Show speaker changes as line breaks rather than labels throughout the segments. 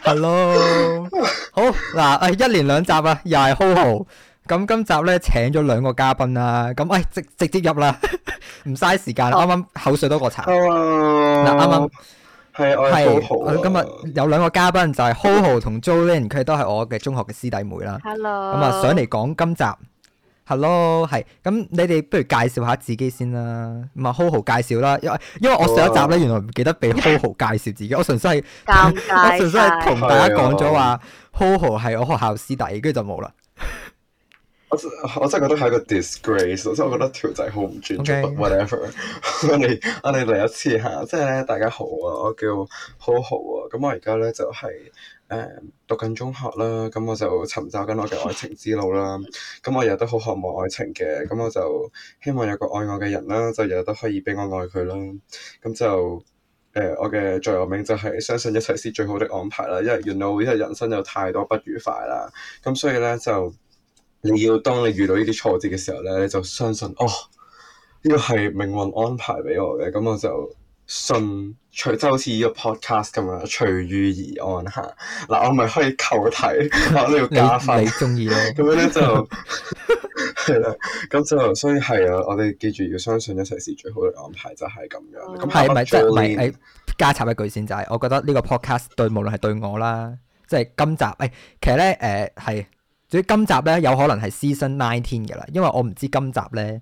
Hello，Hello，好嗱，誒、啊，一連兩集啊，又係 Hoho，咁今集咧，請咗兩個嘉賓啦、啊，咁喂直直接入啦，唔 嘥時間，啱啱 Hello. 口水多過茶。嗱 Hello.、啊，啱啱係係今日有兩個嘉賓，就係、是、Hoho 同 Jolin 佢哋都係我嘅中學嘅師弟妹啦。
Hello，咁啊上嚟
講今集。Hello，係。咁你哋不如介紹下自己先啦。咁啊，Hoho 介紹啦，因因為我上一集咧，原來唔記得俾 Hoho 介紹自己，我純粹係，大大大 我純粹係同大家講咗話，Hoho 係我學校師弟，跟住就冇啦。
我真 ace，我真係覺得係一個 disgrace，所以我覺得條仔好唔尊重。Okay, whatever， 我哋我哋嚟一次嚇，即係咧大家好啊，我叫 Hoho 啊，咁我而家咧就係、是。誒讀緊中學啦，咁我就尋找緊我嘅愛情之路啦。咁我日日都好渴望愛情嘅，咁我就希望有個愛我嘅人啦，就日日都可以俾我愛佢啦。咁就誒、呃，我嘅座右銘就係相信一切是最好的安排啦，因為原來呢個人生有太多不愉快啦。咁所以咧就，你要當你遇到呢啲挫折嘅時候咧，你就相信哦，呢個係命運安排俾我嘅，咁我就。順，即係好似呢個 podcast 咁樣，隨遇而安吓。嗱， 我咪可以扣題，我都要加分。 你
中意咧？咁樣咧
就係啦，咁就所以係啊。我哋記住要相信一切事最好嘅安排就係咁樣。咁係咪即係咪？
加插一句先，就係我覺得呢個 podcast 對，無論係對我啦，即係今集。誒、哎，其實咧，誒、呃、係，至於今集咧，有可能係 season 19嘅啦，因為我唔知今集咧。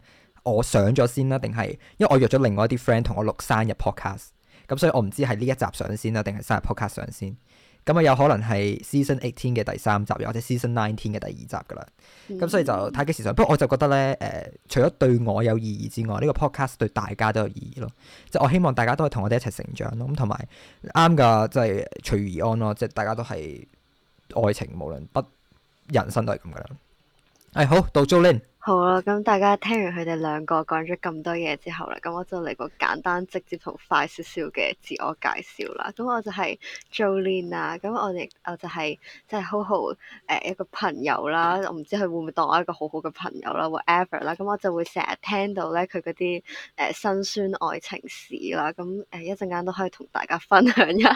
我上咗先啦，定係，因為我約咗另外一啲 friend 同我錄生日 podcast，咁所以我唔知係呢一集上先啦，定係生日 podcast 上先，咁啊有可能係 season eighteen 嘅第三集，又或者 season nineteen 嘅第二集噶啦，咁、嗯、所以就睇幾時上。不過、嗯、我就覺得咧，誒、呃，除咗對我有意義之外，呢、這個 podcast 對大家都有意義咯，即係我希望大家都係同我哋一齊成長咯，咁同埋啱噶，即係、就是、隨遇而安咯，即係大家都係愛情，無論不人生都係咁噶啦。誒、哎、好，到 Jolin
好啦、啊，咁、嗯、大家聽完佢哋兩個講咗咁多嘢之後啦，咁、嗯、我就嚟個簡單、直接同快少少嘅自我介紹啦。咁我就係 Jolin，咁我哋，我就係即係好好誒、呃、一個朋友啦。我唔知佢會唔會當我一個好好嘅朋友啦，whatever 啦。咁、嗯嗯、我就會成日聽到咧佢嗰啲誒辛酸愛情史啦。咁誒一陣間都可以同大家分享一下。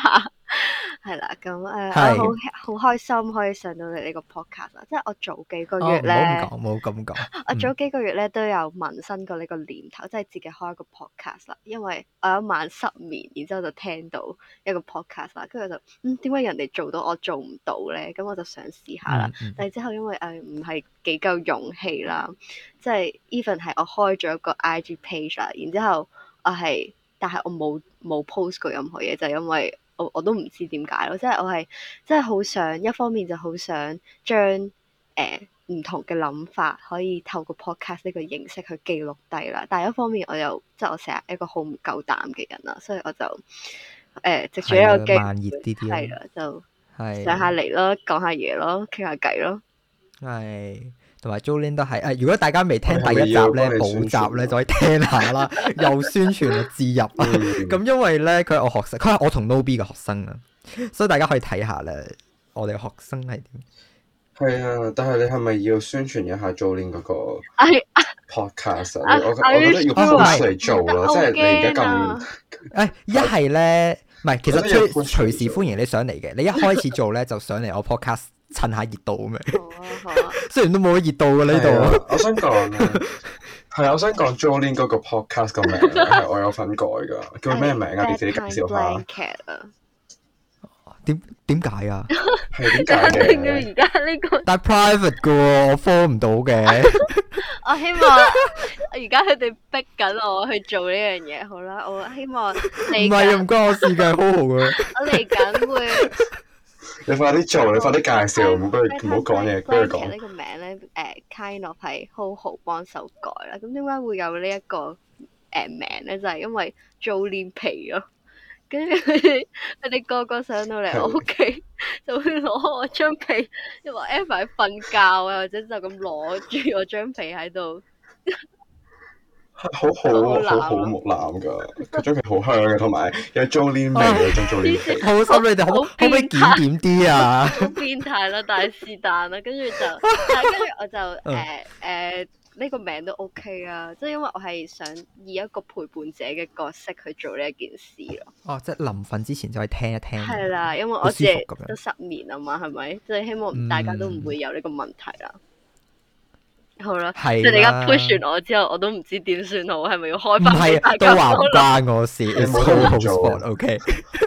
係啦，咁誒， 我好好開心可以上到你呢個 podcast 啦。即係我早幾個月咧，唔好唔好咁講。我早幾個月咧都有萌生過呢個念頭，即係自己開一個 podcast 啦。因為我一晚失眠，然之後就聽到一個 podcast 啦，跟住就嗯，點解人哋做到我做唔到咧？咁我就想試下啦。但係之後因為誒唔係幾夠勇氣啦，即係 even 係我開咗一個 IG page 啦，然之後我係但係我冇冇 post 過任何嘢，就因為。我我都唔知點解咯，即係我係，即係好想一方面就好想將誒唔、欸、同嘅諗法可以透過 Podcast 呢個形式去記錄低啦，但係一方面我又即係我成日一個好唔夠膽嘅人啦，所以我就誒、欸、藉住一個機會，慢熱啲啲，就上下嚟咯，講下嘢咯，傾下偈咯，
係。同埋 Jolin 係誒，如果大家未聽第一集咧，補集咧，就可以聽下啦。 又宣傳自入，咁、嗯、 因為咧佢係我學生，佢係我同 No B 嘅學生啊，
所以大家可以睇下咧，我哋學生係點。係啊，但係你係咪要宣傳一下 Jolin 個 podcast 啊？我啊我，我覺得要好嚟做咯，哎、是是即係你而家咁。誒
、
哎，一係咧，唔係，其實隨隨時歡迎你上嚟嘅。你一開始做咧就上嚟我 podcast。 趁下熱度咩？雖然都冇乜熱度噶呢度。我
想講，係我想講 Jolin 嗰個 podcast 個名，我有份改噶，叫咩名啊？你自己介紹下。點點解啊？係點解嘅？而
家呢個？但係
private
噶，我 follow 唔到嘅。
我希望，而家佢哋逼緊我去做呢樣嘢，好啦，我希望嚟緊唔
關我事嘅，好好啊！我
嚟緊會。
你快啲做，你快啲介紹，唔好跟唔好講嘢，
跟住講。呢個名咧，誒、啊，卡爾諾係 Hoho 幫手改啦。咁點解會有呢一個誒名咧？就係、是、因為做練皮咯。跟住佢哋個個上到嚟我屋企，就會攞我張皮， 因為 Ever 瞓覺啊，或者就咁攞住我張皮喺度。
好好好好木蘭噶，佢張
皮好
香嘅，同埋
有 Jolin 味嘅張 Jolin 皮，好
心你哋，可可唔可以檢點啲啊？好變態啦，但係是但啦，跟住就，跟住我就誒誒呢個名都 OK 啊，即係因為我係想以一個陪伴者嘅角色去做呢一件事咯。
哦、啊，即係臨瞓之前就可以聽一聽一。係 啦，因為我自己都
失眠啊嘛，係咪？即、就、係、是、希望大家都唔會有呢個問題啦。嗯好啦，即係你而家 push 完我之後，我都唔知點算好，係咪要開翻大家唔係，都話唔關
我事，冇得 做，OK？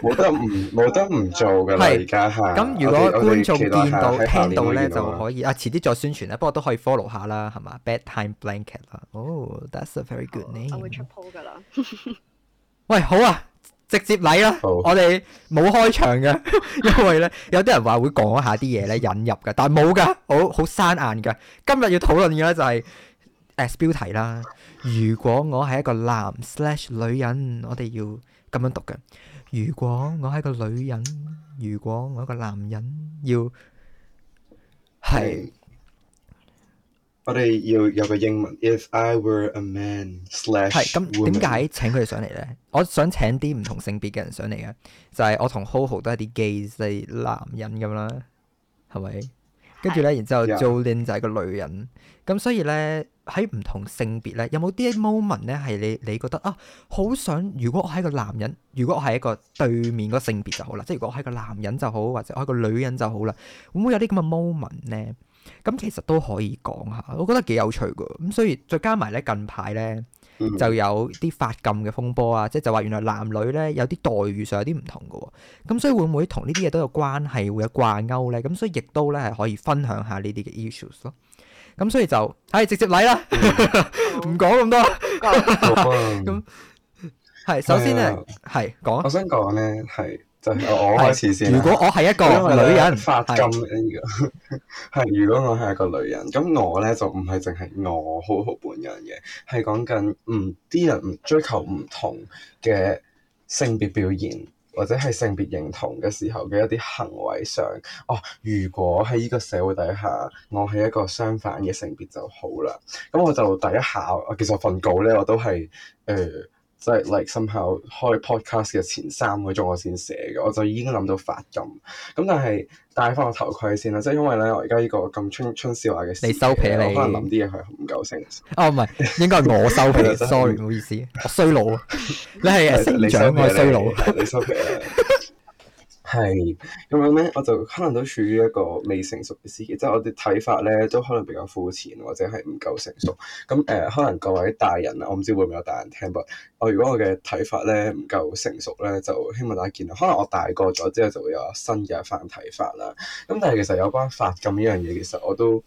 冇得唔冇得唔做噶。係咁 如果觀眾見到 Okay, 聽到咧到就可以啊，遲啲再
宣傳咧，不過都可以 follow 下啦，係嘛？Bad time blanket 啦，oh, 哦，that's a very good name。我會出鋪噶啦。 喂，好啊。直接嚟啦，我哋冇開場嘅，因為咧有啲人話會講下啲嘢咧引入嘅，但係冇噶，好好生硬噶。今日要討論嘅咧就係誒標題啦。如果我係一個男/女人，我哋要咁樣讀嘅。如果我係一個女人，如果我係一個男人要，係。
我哋要有個英文，If I were a man slash w o m 係咁，點解
請佢哋上嚟咧？我想請啲唔同性別嘅人上嚟嘅，就係、是、我同 Ho Ho 都係啲 gay，即係男人咁啦，係咪？跟住咧，然之後，後 Jo l 就係個女人。咁 Yeah. 所以咧，喺唔同性別咧，有冇啲 moment 咧，係你你覺得啊，好想如果我係個男人，如果我係一個對面個性別就好啦，即係如果我係個男人就好，或者我係個女人就好啦，會唔會有啲咁嘅 moment 咧？咁其實都可以講下，我覺得幾有趣嘅。咁所以再加埋咧，近排咧就有啲發禁嘅風波啊，即係就話、是、原來男女咧有啲待遇上有啲唔同嘅。咁所以會唔會同呢啲嘢都有關係，會有掛鈎咧？咁所以亦都咧係可以分享下呢啲嘅 issues 咯。咁所以就係直接嚟啦，唔講咁多。
咁係、啊、 首先咧係講，哎、呀我想講咧係。就係我開始先。如果我係一個女人，發金嘅是， 如果我係一個女人，咁我咧就唔係淨係我好好本人嘅，係講緊唔啲人唔追求唔同嘅性別表現或者係性別認同嘅時候嘅一啲行為上。哦，如果喺呢個社會底下，我係一個相反嘅性別就好啦。咁我就第一下，我其實份稿咧我都係誒。呃即係 like 開 podcast 嘅前三個鐘我先寫嘅，我就已經諗到發音。咁但係戴翻個頭盔先啦，即係因為咧我而家呢個咁春春笑話嘅，你收皮你，我可能諗啲嘢係唔夠成。哦
唔係，應該係我收皮，sorry 唔好意思，衰佬。
你係你想我衰佬。 你，你收皮啊！係咁樣咧，是我就可能都處於一個未成熟嘅時期，即係我啲睇法咧都可能比較膚淺或者係唔夠成熟。咁誒，可能各位大人啊，我唔知會唔會有大人聽，不過我如果我嘅睇法咧唔夠成熟咧，就希望大家見諒。可能我大個咗之後就會有新嘅一番睇法啦。咁但係其實有關法咁呢樣嘢，其實我都，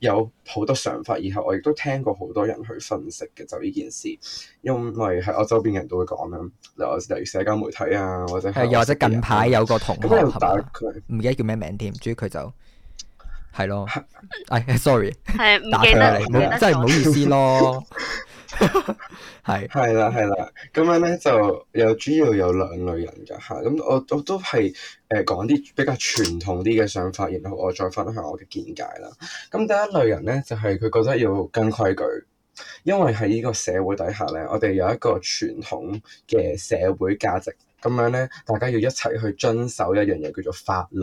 有好多想法以，然後我亦都聽過好多人去分析嘅就呢件事，因為喺我周邊人都會講啦。例如社交媒體啊，或者係又、啊、或者近
排有個同學係咪，唔記得叫咩名添，至於佢就係咯，誒、 哎、，sorry，
打佢你、啊，真係唔好
意思咯。係係啦係啦，咁樣咧就又主要有兩類人噶吓，咁我我都係誒講啲比較傳統啲嘅想法，然後我再分享我嘅見解啦。咁第一類人咧就係、是、佢覺得要跟規矩，因為喺呢個社會底下咧，我哋有一個傳統嘅社會價值。咁樣咧，大家要一齊去遵守一樣嘢叫做法律。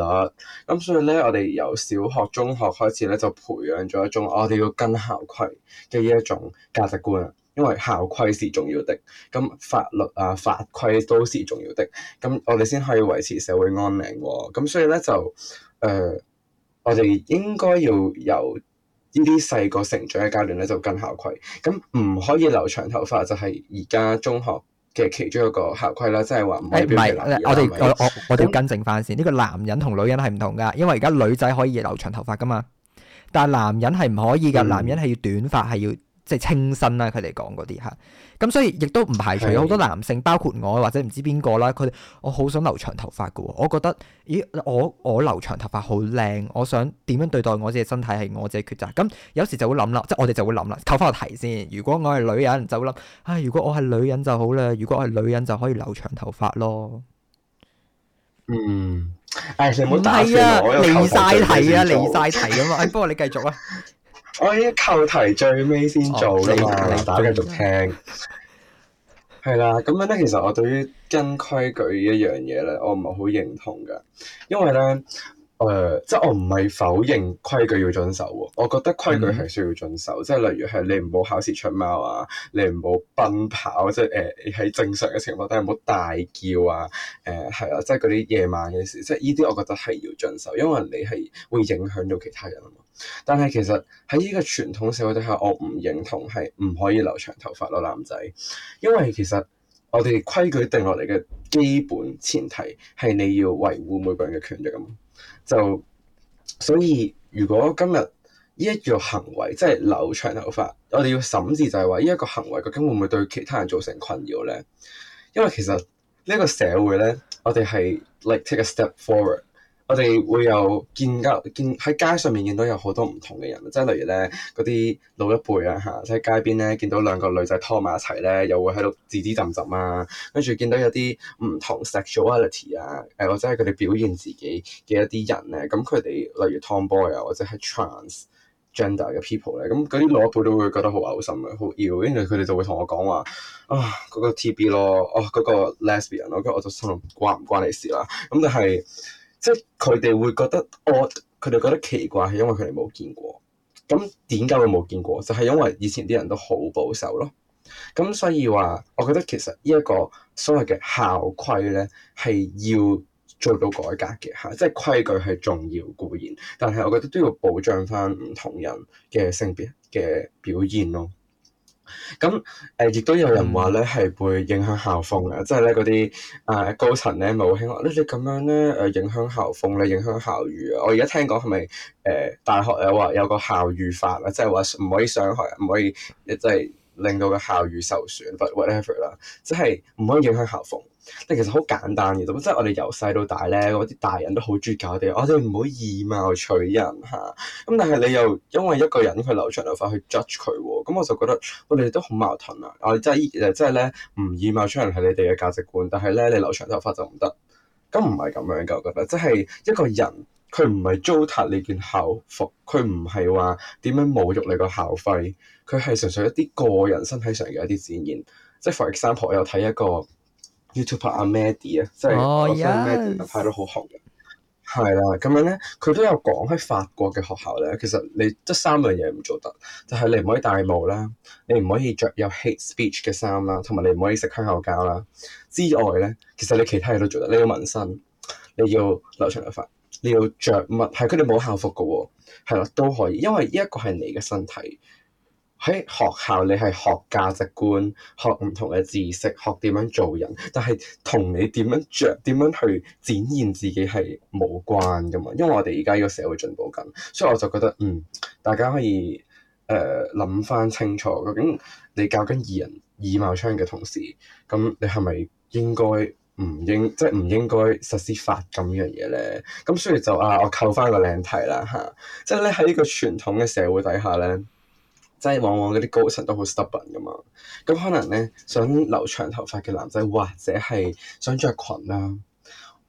咁所以咧，我哋由小學、中學開始咧，就培養咗一種、哦、我哋要跟校規嘅呢一種價值觀啊。因為校規是重要的，咁法律啊、法規都是重要的，咁我哋先可以維持社會安寧喎。咁所以咧就誒、呃，我哋應該要由呢啲細個成長嘅階段咧，就跟校規。咁唔可以留長頭髮，就係而家中學。即係其，其中一個校規啦，即係話唔可以唔係、哎，我哋我我我哋要
更正翻先。呢那個男人同女人係唔同噶，因為而家女仔可以留長頭髮噶嘛，但係男人係唔可以噶，嗯、男人係要短髮，係要。即係清新啦，佢哋講嗰啲吓，咁、嗯、所以亦都唔排除有好多男性，包括我或者唔知邊個啦。佢哋，我好想留長頭髮嘅。我覺得咦，我我留長頭髮好靚，我想點樣對待我自己身體係我自己抉擇。咁、嗯、有時就會諗啦，即係我哋就會諗啦，扣翻個題先。如果我係女人，就會諗，唉、哎，如果我係女人就好啦，如果我係女人就可以留長頭髮咯。
嗯，係全部答晒，離晒、啊、題啊，離晒
題啊嘛、哎。不過你繼續啊。 我依家扣題最尾先做噶嘛，大家、oh, okay. 繼續聽係啦。咁 Yeah. 樣咧，其實我對於跟規矩一樣嘢咧，我唔係好認同嘅，因為咧，誒、呃，即係我唔係否認規矩要遵守喎。我覺得規矩係需要遵守，mm. 即係例如係你唔好考試出貓啊，你唔好奔跑，即係誒喺正常嘅情況底下唔好大叫啊，誒係啦，即係嗰啲夜晚嘅事，即係呢啲我覺得係要遵守，因為你係會影響到其他人啊嘛。但係其實喺呢個傳統社會底下，我唔認同係唔可以留長頭髮咯，男仔。因為其實我哋規矩定落嚟嘅，基本前提係你要維護每個人嘅權益咁。就所以如果今日呢一樣行為即係留長頭髮，我哋要審視就係話呢一個行為究竟會唔會對其他人造成困擾呢？因為其實呢個社會呢，我哋係 like take a step forward。我哋會有見街見喺街上面見到有好多唔同嘅人，即係例如咧嗰啲老一輩啊吓，喺街邊咧見到兩個女仔拖埋一齊咧，又會喺度吱吱浸浸啊，跟住見到有啲唔同 sexuality 啊，誒或者係佢哋表現自己嘅一啲人咧，咁佢哋例如 tom boy 啊或者係 transgender 嘅 people 咧、啊，咁嗰啲老一輩都會覺得好嘔心啊，好妖，跟住佢哋就會同我講話啊嗰個 T B 咯，哦嗰、嗰個 lesbian 咯，跟住我就心諗關唔關你事啦，咁但係。即係佢哋會覺得，哦，佢哋覺得奇怪係因為佢哋冇見過。咁點解會冇見過？就係因為以前啲人都好保守咯。咁所以話，我覺得其實呢一個所謂嘅校規咧，係要做到改革嘅嚇，即係規矩係重要固然，但係我覺得都要保障翻唔同人嘅性別嘅表現咯。咁誒，亦、呃、都有人話咧係會影響校風嘅、啊，即係咧嗰啲誒高層咧冇興話，你你咁樣咧誒影響校風，你影響校譽啊！我而家聽講係咪誒大學有話有個校譽法啊，即係話唔可以上學，唔可以即係。就是令到個校譽受損 whatever 啦，即係唔可以影響校風。但其實好簡單嘅，咁即係我哋由細到大咧，嗰啲大人都好中意教我哋，我哋唔好以貌取人吓。咁、啊、但係你又因為一個人佢留長頭髮去 judge 佢喎，咁我就覺得我哋都好矛盾啊！我哋真係誒，真係咧唔以貌取人係你哋嘅價值觀，但係咧你留長頭髮就唔得，咁唔係咁樣嘅，我覺得即係一個人。佢唔係糟蹋你件校服，佢唔係話點樣侮辱你個校費，佢係純粹一啲個人身體上嘅一啲展現。即係 for example，我有睇一個 YouTuber 阿 Maddy 啊，即係阿 Maddy 拍得好紅嘅，係啦。咁樣咧，佢都有講喺法國嘅學校咧。其實你得三樣嘢唔做得，就係、是、你唔可以戴帽啦，你唔可以着有 hate speech 嘅衫啦，同埋你唔可以食香口膠啦。之外咧，其實你其他嘢都做得。你要紋身，你要留長頭髮。你要着乜？係佢哋冇校服噶喎。哦，係啦都可以，因為呢一個係你嘅身體。喺學校，你係學價值觀、學唔同嘅知識、學點樣做人，但係同你點樣着，點樣去展現自己係冇關噶嘛。因為我哋而家呢個社會進步緊，所以我就覺得，嗯，大家可以誒諗翻清楚。究竟你教緊二人以貌相嘅同時，咁你係咪應該？唔應即係唔應該實施罰金呢樣嘢咧，咁所以就啊，我扣翻個靚題啦嚇、啊，即係咧喺呢個傳統嘅社會底下咧，即係往往嗰啲高層都好 stubborn 噶嘛，咁可能咧想留長頭髮嘅男仔，或者係想着裙啦，誒、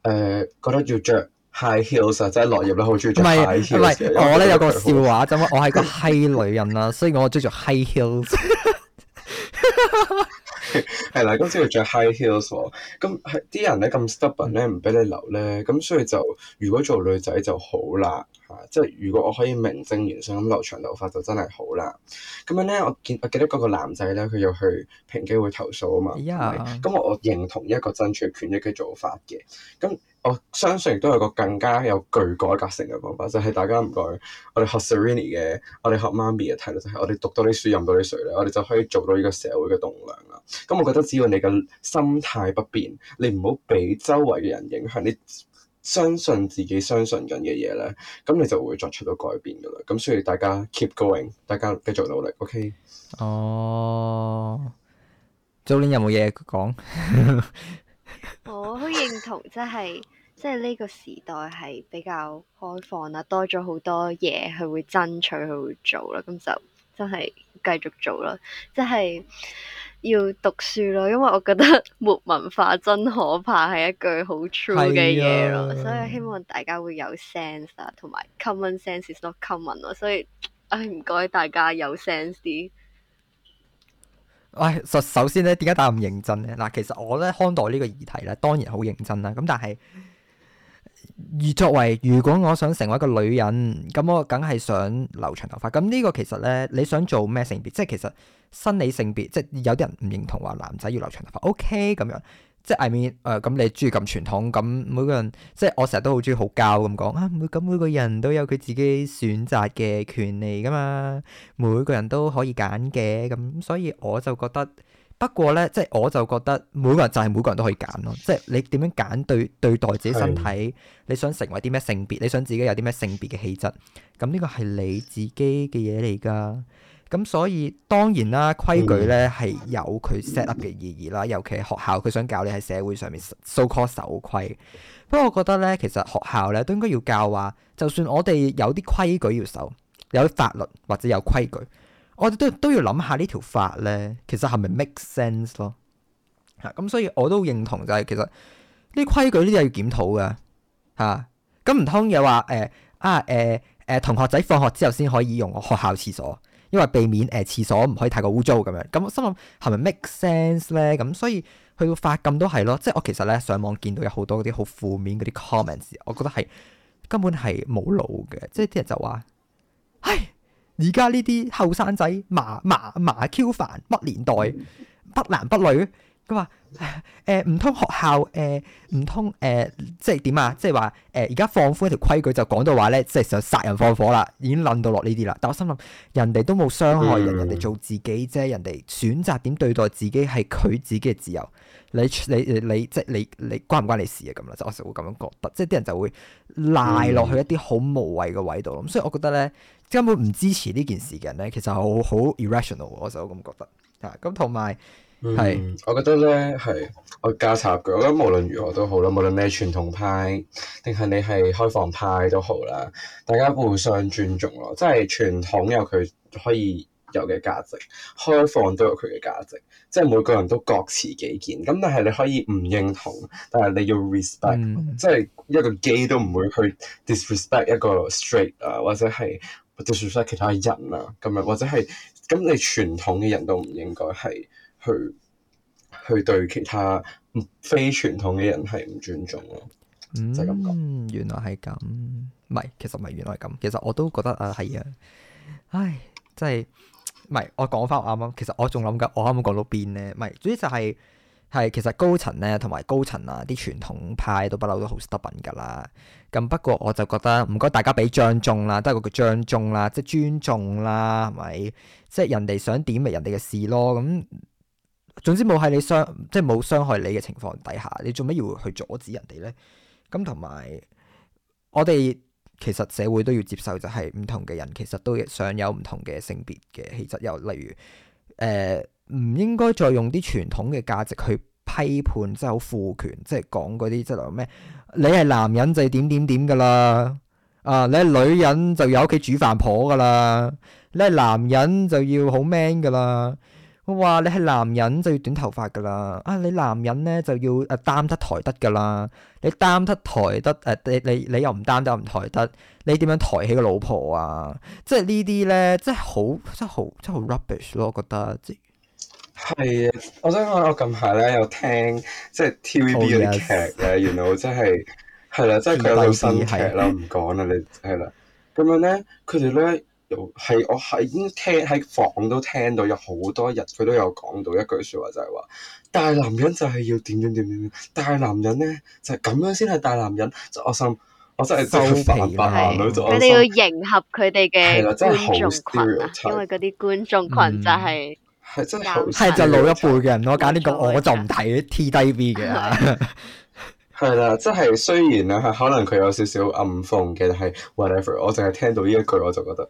呃、覺得要着 high heels 啊，即係落葉咧好中意著 high heels，唔係唔係，因為 我咧呢有個笑話啫，我係個
high 女人啦，所以我中意着 high heels。
係啦，今次要着 high heels 喎、哦，咁係啲人咧咁 stubborn 咧唔俾你留咧，咁所以就如果做女仔就好啦，嚇、啊，即係如果我可以名正言順咁、嗯、留長頭髮就真係好啦，咁樣咧我見我記得嗰個男仔咧佢又去平機會投訴啊嘛，咁我 Yeah. 我認同一個爭取權益嘅做法嘅，咁、嗯。我相信亦都係個更加有具改革性嘅方法，就係、是、大家唔該，我哋學 Serini 嘅，我哋學媽咪嘅態度，就係，我哋讀多啲書，飲多啲水咧，我哋就可以做到呢個社會嘅棟樑啦。咁、嗯、我覺得只要你嘅心態不變，你唔好俾周圍嘅人影響，你相信自己相信緊嘅嘢咧，咁你就會作出到改變噶啦。咁、嗯、所以大家 keep going，大家繼續努力，OK？哦
，Jolin 呢有冇嘢講？
我好認同，即係即係呢個時代係比較開放啦，多咗好多嘢，佢會爭取，佢會做啦，咁就真係繼續做咯，即係要讀書咯，因為我覺得沒文化真可怕係一句好 true 嘅嘢咯，啊、所以我希望大家會有 sense 啦，同埋 common sense is not common 咯，所以唉唔該大家有 sense 啲。
喂、哎，首先咧，點解大家唔認真咧？嗱，其實我咧看待呢個議題咧，當然好認真啦。咁但係，如作為如果我想成為一個女人，咁我梗係想留長頭髮。咁呢個其實咧，你想做咩性別？即係其實生理性別，即係有啲人唔認同話男仔要留長頭髮。OK，咁樣。即係面誒，咁 I mean，啊、你中意咁傳統咁，每個人即係我成日都好中意好教咁講啊，每咁每個人都有佢自己選擇嘅權利㗎嘛，每個人都可以揀嘅咁，所以我就覺得，不過咧，即係我就覺得每個人就係、是、每個人都可以揀咯，即係 你點樣揀對對待自己身體， 你想成為啲咩性別，你想自己有啲咩性別嘅氣質，咁呢個係你自己嘅嘢嚟㗎。咁所以當然啦，規矩咧係有佢 set up 嘅意義啦。尤其係學校，佢想教你喺社會上面 so call 守規守規。不過，我覺得咧，其實學校咧都應該要教啊。就算我哋有啲規矩要守，有啲法律或者有規矩，我哋都都要諗下呢條法咧，其實係咪 make sense 咯？嚇、啊、咁，所以我都認同就係、是、其實呢規矩呢啲係要檢討嘅嚇。咁唔通又話誒、呃、啊誒誒、啊啊啊、同學仔放學之後先可以用我學校廁所？因為避免誒、呃、廁所唔可以太過污糟咁樣，咁我心諗係咪 make sense 咧？咁所以去到法禁都係咯，即係我其實咧上網見到有好多嗰啲好負面嗰啲 comments，我覺得係根本係冇腦嘅，即係啲人就話：唉，而家呢啲後生仔麻麻麻 Q 煩乜年代，不男不女。佢話：誒唔通學校誒唔通誒即係點啊？即係話誒而家放寬一條規矩就講到話咧，即係想殺人放火啦，已經諗到落呢啲啦。但我心諗，人哋都冇傷害人，人哋做自己啫，人哋選擇點對待自己係佢自己嘅自由。你你你即係你你，你，你關唔關你事啊？咁啦，就我成日會咁樣覺得，即係啲人就會賴落去一啲好無謂嘅位度。咁所以我覺得咧，根本唔支持呢件事嘅人咧，其實好好 irrational，我就咁覺得嚇。咁同埋。嗯，
我覺得咧係我交叉嘅加插。我覺得無論如何都好啦，無論咩傳統派定係你係開放派都好啦，大家互相尊重咯。即係傳統有佢可以有嘅價值，開放都有佢嘅價值。即係每個人都各持己見咁，但係你可以唔認同，但係你要 respect。嗯、即係一個 gay 都唔會去 disrespect 一個 straight 啊，或者係或者 disrespect 其他人啊咁樣，或者係咁你傳統嘅人都唔應該係去去對其他非傳統嘅人係唔尊重咯，
嗯、就咁講，原來係咁，唔係，其實唔係原來係咁，其實我都覺得啊，係啊，唉，即係唔係我講翻啱啱，其實我仲諗緊，我啱啱講到邊咧？唔係，總之就係係其實高層咧同埋高層啊啲傳統派都不嬲都好 stubborn 噶啦，咁不過我就覺得唔該大家俾尊重啦，都係個叫尊重啦，即係尊重啦，係咪？即係人哋想點咪人哋嘅事咯，咁。總之冇係你傷，即係冇傷害你嘅情況底下，你做咩要去阻止人哋呢？咁同埋我哋其實社會都要接受，就係唔同嘅人其實都想有唔同嘅性別嘅氣質。又例如誒，呃，唔應該再用啲傳統嘅價值去批判，即係好父權，即係講嗰啲即係話咩？你係男人就點點點㗎喇，啊你係女人就有屋企煮飯婆㗎喇，你係男人就要好、啊、man 㗎喇。佢話你係男人就要短頭髮噶啦，啊你男人咧就要誒擔得抬得噶啦，你擔得抬得誒你你你又唔擔得唔抬得，你點樣抬起個老婆啊？即係呢啲咧，即係好即
係好即係好 rubbish 咯，我覺得即係我想講，我近排咧有聽即係、就是、TVB 嘅劇、oh、yes，原來真係係啦，真係佢有部新劇啦，唔講啦，你係啦，咁樣咧佢哋咧。係我已經聽喺房都聽到有好多日，佢都有講到一句説話，就係、是、話：大男人就係要點點點點點，大男人咧就係咁樣先係大男人。就我心，我真係收皮啦，佢哋要
迎合佢哋嘅觀眾羣，ial, 因為嗰啲觀眾羣就係係、嗯、就老一
輩嘅人。我揀呢個，我就唔睇 TVB 嘅。
係啦哈哈，即 係雖然咧，可能佢有少少暗諷嘅，但係 whatever，我淨係聽到呢一句，我就覺得。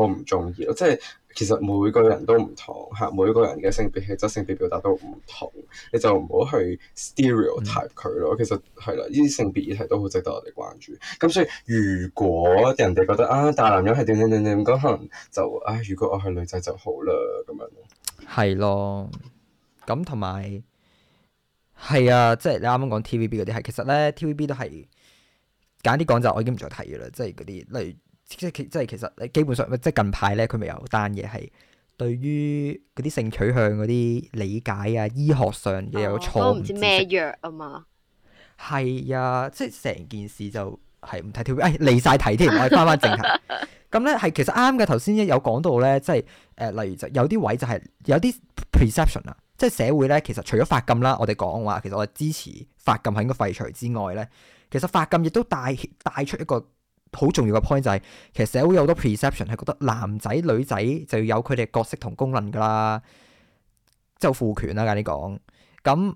我唔中意咯，即係其實每個人都唔同吓，每個人嘅性別氣質、性別表達都唔同，你就唔好去 stereotype 佢咯。其實係啦，呢啲性別議題都好值得我哋關注。咁所以如果人哋覺得啊，大男人係點點點點咁，可能就啊、哎，如果我係女仔就好啦咁樣。
係咯，咁同埋係啊，即係、就是、你啱啱講 TVB 嗰啲係，其實咧 TVB 都係簡單啲講就，我已經唔再睇嘅啦，即係嗰啲例如。即係其即係其實，基本上即係近排咧，佢咪有單嘢係對於嗰啲性取向嗰啲理解啊，醫學上又有錯。唔知咩藥啊嘛？係、嗯、啊，即係成件事就係唔睇條，誒、哎、離晒題添，我哋返返正題。咁咧係其實啱嘅，頭先有講到咧，即係誒、呃，例如就有啲位就係有啲 perception 啊，即係社會咧，其實除咗法禁啦，我哋講話其實我哋支持法禁係應該廢除之外咧，其實法禁亦都帶帶出一個。好重要嘅 point 就係、是，其實社會有好多 perception 係覺得男仔女仔就要有佢哋角色同功能噶啦，就負權你即係賦權啦，咁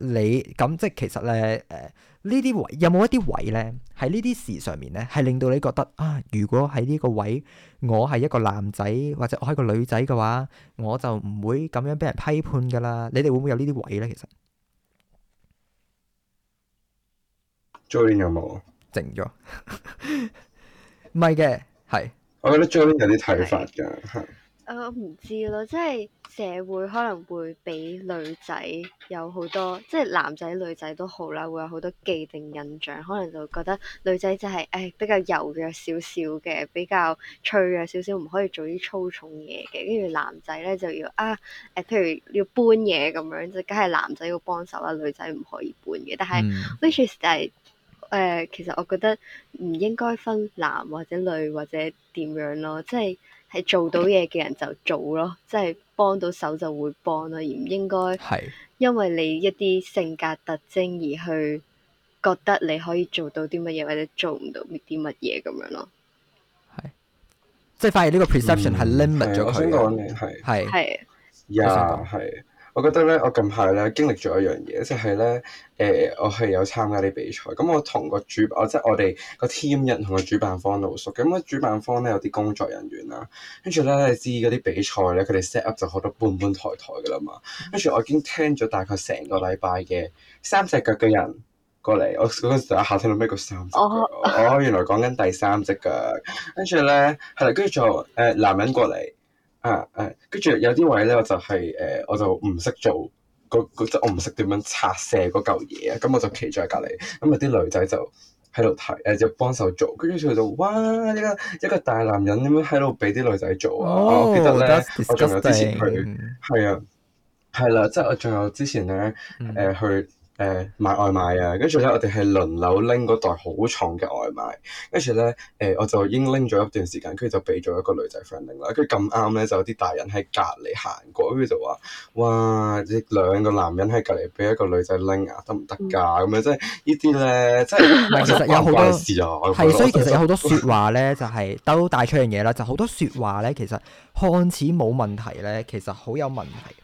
你咁即係其實咧，誒、呃、呢啲位有冇一啲位咧？喺呢啲事上面咧，係令到你覺得啊，如果喺呢個位，我係一個男仔或者我係一個女仔嘅話，我就唔會咁樣俾人批判噶啦。你哋會唔會有呢啲位咧？
其實 Jolin 有冇？
靜咗，唔係嘅，係
我覺得 Jolin 有啲睇法㗎，係誒、
嗯、
我唔知咯，即係社會可能會俾女仔有好多，即係男仔女仔都好啦，會有好多既定印象，可能就覺得女仔就係、是、誒、哎、比較柔弱少少嘅，比較脆弱少少，唔可以做啲粗重嘢嘅，跟住男仔咧就要啊誒，譬如要搬嘢咁樣，就梗係男仔要幫手啦，女仔唔可以搬嘅。但係，which is 就係。嗯誒、呃，其實我覺得唔應該分男或者女或者點樣咯，即係係做到嘢嘅人就做咯，即係幫到手就會幫啦，而唔應該係因為你一啲性格特徵而去覺得你可以做到啲乜嘢，或者做唔到啲乜嘢咁樣咯。係、
嗯，即係發現呢個 perception 係 limit 咗個。係係係係。
是 yeah, 我覺得咧，我近排咧經歷咗一樣嘢，就係咧，誒，我係有參加啲比賽，咁我同個主，我即係我哋個 team 人同個主辦方都好熟，咁個主辦方咧有啲工作人員啦，跟住咧你知嗰啲比賽咧，佢哋 set up 就好多搬搬抬抬㗎啦嘛，跟住我已經聽咗大概成個禮拜嘅三隻腳嘅人過嚟，我嗰陣時一下聽到咩叫三隻腳，oh. 哦，原來講緊第三隻腳，跟住咧係啦，跟住就誒男人過嚟。啊誒，跟住有啲位咧，我就係、是、誒、呃，我就唔識做，個即係我唔識點樣拆卸嗰嚿嘢啊，咁、嗯、我就企咗喺隔離，咁啊啲女仔就喺度睇誒，就幫手做，跟住佢就哇，而家一個大男人點樣喺度俾啲女仔做啊？oh, 我記得咧，s 我仲有之前去，係啊，係啦、啊，即、就、係、是、我仲有之前咧誒、呃、去。誒，買外賣啊，跟住咧，我哋係輪流拎嗰袋好重嘅外賣，跟住咧，誒、欸，我就已經拎咗一段時間，跟住就俾咗一個女仔 friend 拎啦。跟住咁啱咧，就有啲大人喺隔籬行過，跟住就話，哇，你兩個男人喺隔籬俾一個女仔拎啊，得唔得噶？咁樣，即係 呢啲咧，即係 其實有好多係，所以其實有好多說
話咧， 就是，就係都帶出樣嘢啦，就好多說話咧，其實看似冇問題咧，其實好有問題。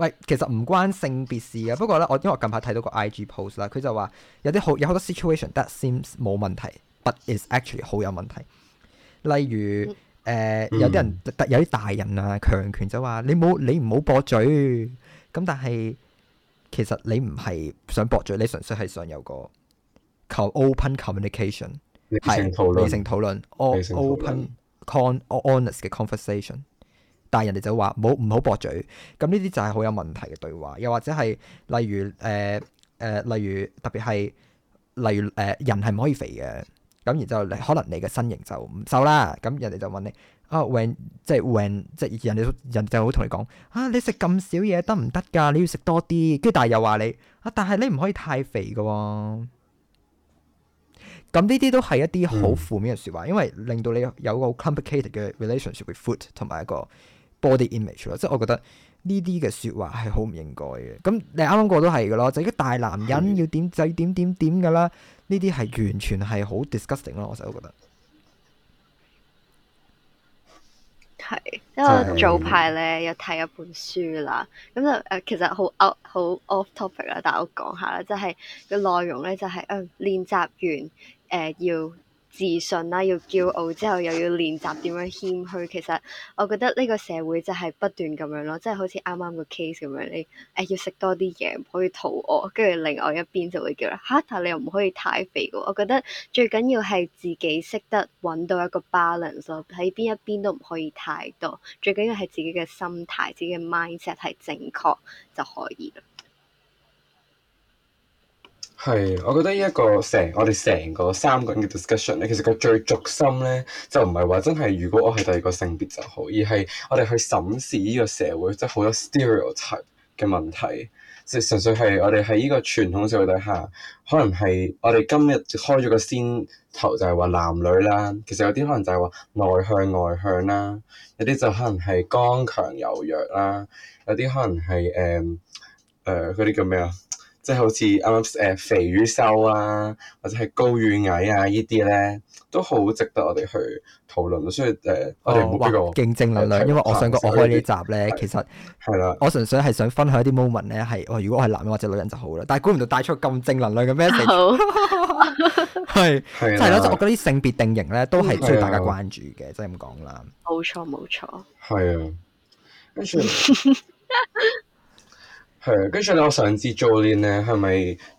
喂，其實唔關性別事啊。不過咧，我因為我近排睇到個 IG post 啦，佢就話有啲好有好多 situation that seems 冇問題，but is actually 好有問題。例如誒、呃，有啲人、嗯、有啲大人啊，強權就話你冇，你唔好駁嘴。咁但係其實你唔係想駁嘴，你純粹係想有個 open communication，係理性討論 All，open 討論 con honest 嘅 conversation。但係人哋就話冇唔好駁嘴，咁呢啲就係好有問題嘅對話，又或者係例如誒誒，例如、呃呃、例如特別係例如誒、呃、人係唔可以肥嘅咁，然後可能你嘅身形就唔瘦啦。咁人哋就問你啊、哦、when 即係 when 即係人哋人就好同你講啊，你食咁少嘢得唔得㗎？你要食多啲。跟住但係又話你啊，但係你唔可以太肥嘅喎、哦。咁呢啲都係一啲好負面嘅説話，嗯、因為令到你有個 complicated 嘅 relationship with food 同埋一個 body image 咯，即係我覺得呢啲嘅説話係好唔應該嘅。咁你啱啱個都係嘅咯，就係啲大男人要點仔點點點㗎啦。呢啲係完全係好 disgusting 咯，我成日都覺得。
係，因為早排咧有睇一本書啦，咁就誒其實好 out 好 off topic 啦，但係我講下啦，就係、是、個內容咧就係嗯練習完誒、呃、要自信啦，要驕傲，之後又要練習點樣謙虛。其實我覺得呢個社會就係不斷咁樣咯，即係好似啱啱個 case 咁樣，你誒，要食多啲嘢，唔可以肚餓，跟住另外一邊就會叫啦嚇，但係你又唔可以太肥喎。我覺得最緊要係自己識得揾到一個 balance 咯，喺邊一邊都唔可以太多。最緊要係自己嘅心態，自己嘅 mindset 係正確就可以啦。
係，我覺得呢一個成我哋成個三個人嘅 discussion 咧，其實個最軸心咧就唔係話真係如果我係第二個性別就好，而係我哋去審視呢個社會即係好多 stereotype 嘅問題，即係純粹係我哋喺呢個傳統社會底下，可能係我哋今日開咗個先頭就係話男女啦，其實有啲可能就係話內向外向啦，有啲就可能係剛強柔弱啦，有啲可能係誒誒嗰啲叫咩啊？即係好似啱啱誒肥與瘦啊，或者係高與矮啊，呢啲咧都好值得我哋去討論。所以誒，我哋冇咁正能量，因為我上個我開呢集
咧，其實係啦，我純粹係想分享一啲 moment 咧，係我如果我係男人或者女人就好啦。但係估唔到帶出咁正能量嘅 message。係係咯，即係我覺得啲性別定型咧都係需要大家關注嘅，即係咁講啦。
冇錯，冇錯。
係啊，係，跟住咧，我想知 Jolin 咧，係咪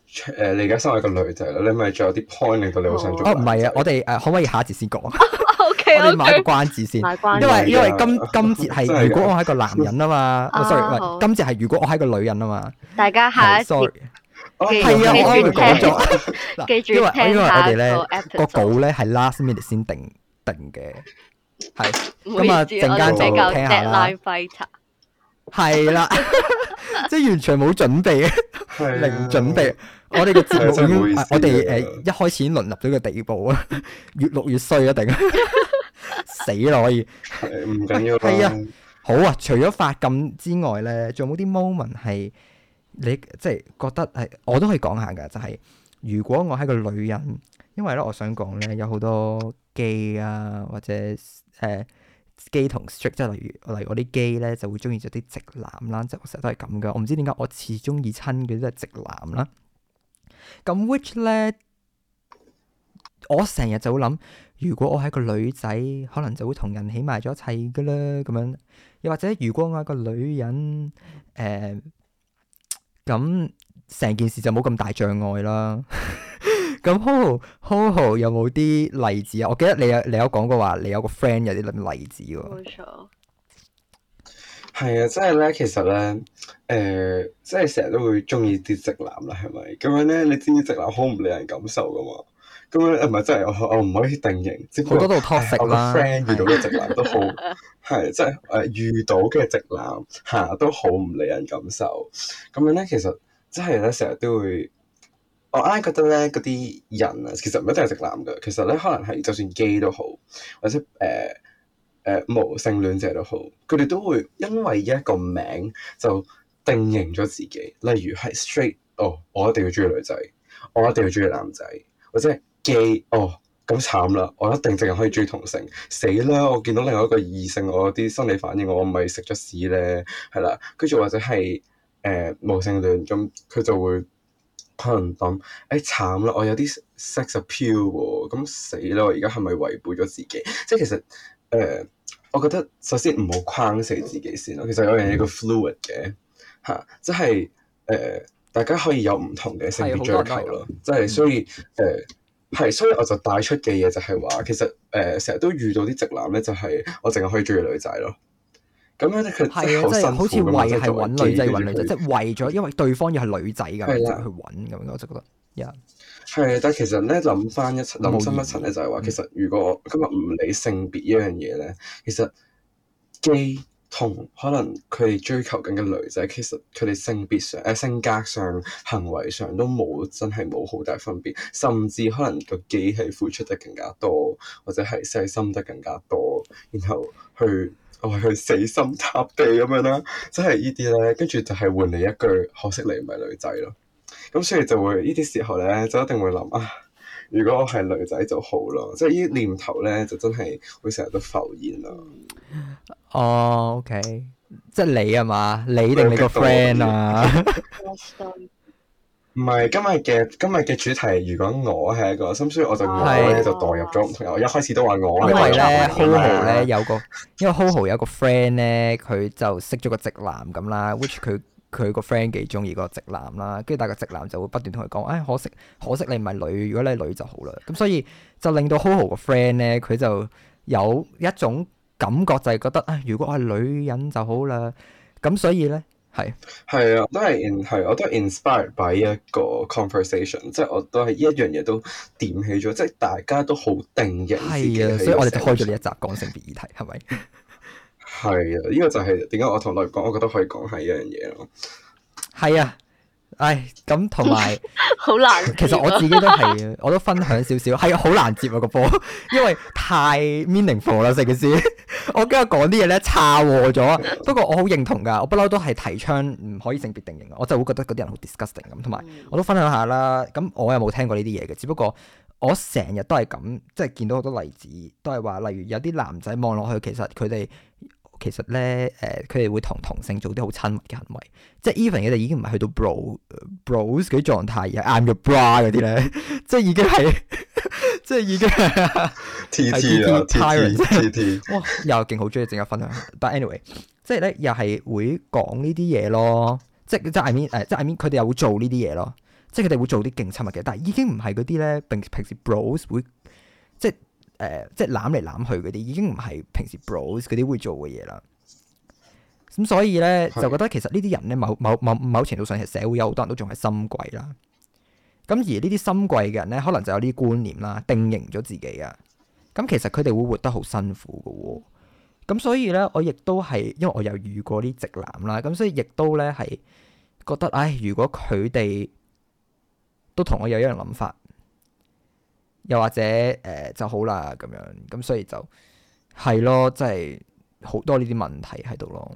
誒，你而家身為一個女仔咧，你咪仲有啲 point 令到你好想做？哦，
唔係啊，我哋誒，可唔可以下一節先講？O K，我哋買個關子先，
因為因為今今節係如果我
係一個男人啊嘛，sorry，今節係如果我係一個女人啊嘛，
大家下一節，
sorry，
係啊，我呢度講咗，記住，因為因為我哋咧個稿
咧係 last minute 先定定嘅，係，咁啊，陣間就聽下啦。係啦， 即係完全冇準備嘅，啊、 零準備。啊、我哋嘅節目、啊、我哋誒一開始已經淪落到個地步啦， 越落越衰一定， 死啦可以。唔緊要係啊，好啊。除咗髮禁之外咧，仲有冇啲 moment 係你即係、就是、覺得係？我都可以講下噶，就係、是、如果我係個女人，因為咧我想講咧，有好多 gay 啊或者誒。呃 gay 同 straight 即係例如，例如我啲 gay 咧就會中意咗啲直男啦，即係成日都係咁噶。我唔知點解我始終中意親嘅都係直男啦。咁 which 咧，我成日就會諗，如果我係個女仔，可能就會同人起埋咗一齊噶啦。咁樣，又或者如果我係個女人，誒，咁成件事就冇咁大障礙啦。咁 Hoho、哦哦哦、有冇啲例子啊？我記得你有你有講過話，你有，你有個 friend 有啲例子喎。
冇錯。係啊，即係咧，其實咧，誒、呃，即係成日都會鍾意啲直男啦，係咪？咁樣咧，你知唔知直男好唔理人感受㗎嘛？咁樣唔係即係我我唔可以定型。好多度拖食啦。friend 遇到嘅直男都好，係即係誒遇到嘅直男吓都好唔理人感受。咁樣咧，其實即係咧，成日都會。我硬係覺得咧，嗰啲人啊，其實唔一定係直男噶。其實咧，可能係就算 gay 都好，或者誒誒、uh, uh, 無性戀者都好，佢哋都會因為一個名就定型咗自己。例如係 straight，哦，我一定要鍾意女仔，我一定要鍾意男仔，或者 gay，哦，咁慘啦，我一定淨係可以追同性。死啦！我見到另外一個異性，我啲心理反應，我唔係食咗屎咧。係啦，跟住或者係誒、uh, 無性戀，咁佢就會。可能諗誒、哎、慘啦，我有啲 sex appeal 喎、哦，咁死啦！我而家係咪違背咗自己？即係其實誒、呃，我覺得首先唔好框死自己先咯。其實有樣嘢叫 fluid 嘅嚇、啊，即係誒、呃、大家可以有唔同嘅性別追求咯。即係所以誒係、呃，所以我就帶出嘅嘢就係話，其實誒成日都遇到啲直男咧，就係、是、我淨係可以中意女仔咯。咁樣佢真係、就是、係啊，即係好似為係女仔，揾女仔，即係
為咗，因為對方又係女仔㗎，的就去
揾咁樣。我就覺得，係、
yeah、
但係其實咧，諗翻一層，諗深一層咧、就是，就係話，其實如果今日唔理性別呢樣嘢咧，其實 gay 同可能佢哋追求緊嘅女仔，其實佢哋性別上、誒性格上、行為上都冇真係冇好大分別，甚至可能個 gay 係付出得更加多，或者係細心得更加多，然後去。我係佢死心塌地咁樣啦，即係呢啲咧，跟住就係換你一句，可惜你唔係女仔咯。咁所以就會呢啲時候咧，就一定會諗啊，如果我係女仔就好咯。即係呢啲念頭咧，就真係會成日都浮現咯。
哦、oh，OK，即係你吖嘛？你定你個 friend 啊？
唔係今日嘅今日嘅主題。如果我係一個，咁所以我就咧、啊、就代入咗。我一開始都話我因為咧，Hoho
咧有個，好好因為 Hoho 有個 friend 咧，佢就識咗個直男咁啦。 which 佢佢個 friend 幾鍾意個直男啦。跟住但個直男就會不斷同佢講，唉、哎，可惜可惜你唔係女，如果你係女就好啦。咁所以就令到 Hoho 個 friend 咧，佢就有一種感覺就係覺得，唉、哎，如果我係女人就好啦。咁所以咧。
係係啊，都係 in 我都，都 inspired by 一個 conversation，即係我都係呢一樣嘢都點起咗，即係大家都好定型，係啊，所以我哋就開
咗呢一集講性別議題，係咪？
係啊，呢、 這個就係點解我同 Jolin 講，我覺得可以講係一樣嘢咯。
係啊。唉，咁同埋
好難接。其實我自己都係，
我都分享少少，係啊，好難接啊個波，因為太 meaningful 啦，成件事。我今日講啲嘢咧差咗，不過我好認同㗎，我不嬲都係提倡唔可以性別定型，我就會覺得嗰啲人好 disgusting 咁。同埋我都分享下啦，咁我又冇聽過呢啲嘢嘅，只不過我成日都係咁，即係見到好多例子，都係話例如有啲男仔望落去，其實佢哋。其實咧，誒，佢哋會同同性做啲好親密嘅行為，即係 even 佢哋已經唔係去到 bro、bros 嗰啲狀態，而係 I'm your bra 嗰啲咧，即係已經係，即
係已經係 tt 啊，tire，
哇，又勁好鍾意整一分享，But anyway，即係咧又係會講呢啲嘢咯，即係即係 I mean，誒，即係 I mean，佢哋又會做呢啲嘢咯，即係佢哋會做啲勁親密嘅，但係已經唔係嗰啲咧，平平時 bros 會即係。誒、呃，即係攬嚟攬去嗰啲，已經唔係平時 brothers 嗰啲會做嘅嘢啦。咁所以咧，是就覺得其實呢啲人咧，某某某某程度上係社會有好多人都仲係深櫃啦。咁而深呢啲深櫃嘅人咧，可能就有啲觀念啦，定型咗自己啊。咁其實佢哋會活得好辛苦嘅喎。咁所以咧，我亦都係，因為我有遇過啲直男啦。咁所以亦都咧係覺得，唉，如果佢哋都同我有一樣諗法。又或者誒、呃、就好啦，咁樣咁，所以就係咯，即係好多呢啲問題喺度咯。